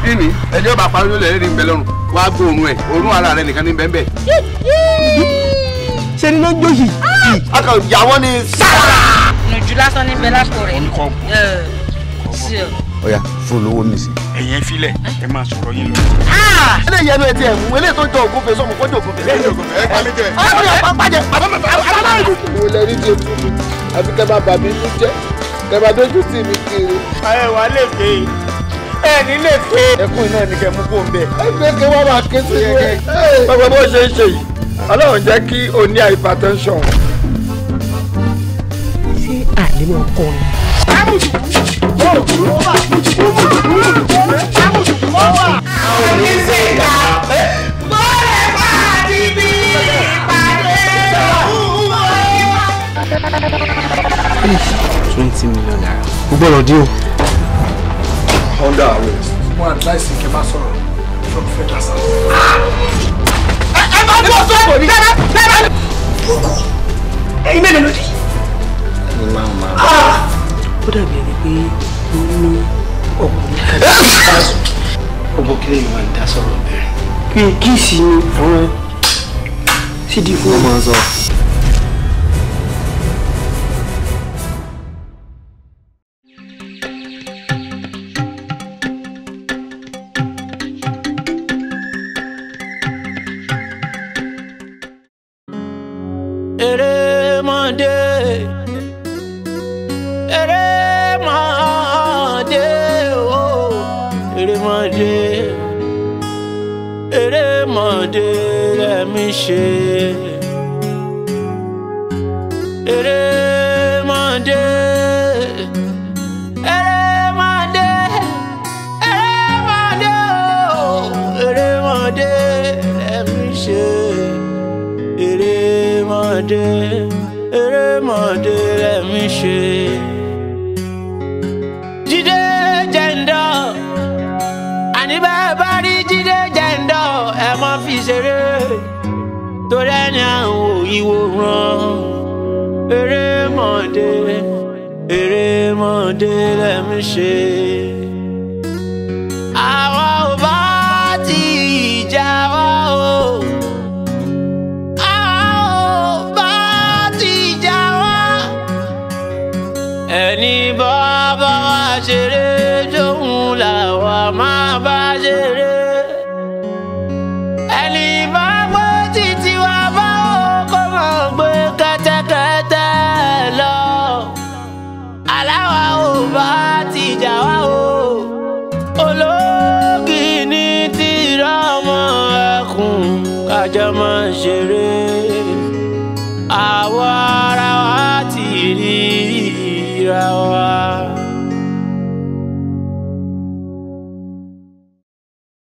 Speaker 1: kíni ẹjọ́ bá parí ló lẹ̀ rí ní bẹ́lẹ́rùn wá gbóòórùn ẹ̀ òórùn ara rẹ nìkan ní bẹ́ẹ̀ bẹ́ẹ̀
Speaker 6: ṣe ni ló ń jó yìí.
Speaker 1: ọkọ ah! ìyàwó ni sára. nùjú lásán ní bẹ lápò rẹ. orúkọ ọyà fún olówó mi sí. ẹ̀yin filẹ̀
Speaker 4: ẹ máa sọ̀rọ̀ yín lọ.
Speaker 1: Ah! ilé ìyẹnu ẹ ti ẹ̀ mú eléyìí tó ń jọ ògúnfe sọmọ kó jọ ògúnfe. lẹ́yìn ògúnfe ẹ pa mí jẹ. ọlọ́run ọ̀pá pàjẹ́ àbámọ́ ìlú. mo lè rí di ewu mi àfi kẹ́ bá bàbí inú jẹ́ kẹ́ bá dójú tì mí kiri. ayẹwo alẹ́ gbé e ẹ nílé ké. ẹkún iná ni kẹ mú kó ń bẹ. ẹgbẹ́ kẹ wá máa ké sí ẹ. gbogbo bó ṣe ń ṣe yìí ọlọ́run jẹ́ kí o ní hypertension. ṣé àlejò kọrin.
Speaker 4: kábùjù
Speaker 5: twenty million naira. gbọ́dọ̀ dín o
Speaker 1: under arrest. mo advice kẹ bá from federal service.
Speaker 4: ẹ bá ah! bọ̀ sọ́ọ̀ dára
Speaker 2: dára. boko ẹyin mélòó ló dé. ẹni máa ma. Ah!
Speaker 6: ó dàbí ẹni pé ó ní ọkùnrin tàbí ọgbọ kílẹ̀ ni wà ń dá sọ̀rọ̀ bẹ̀rẹ̀.
Speaker 4: pé kíìsì ni àwọn sídìí fún ọmọ sọ.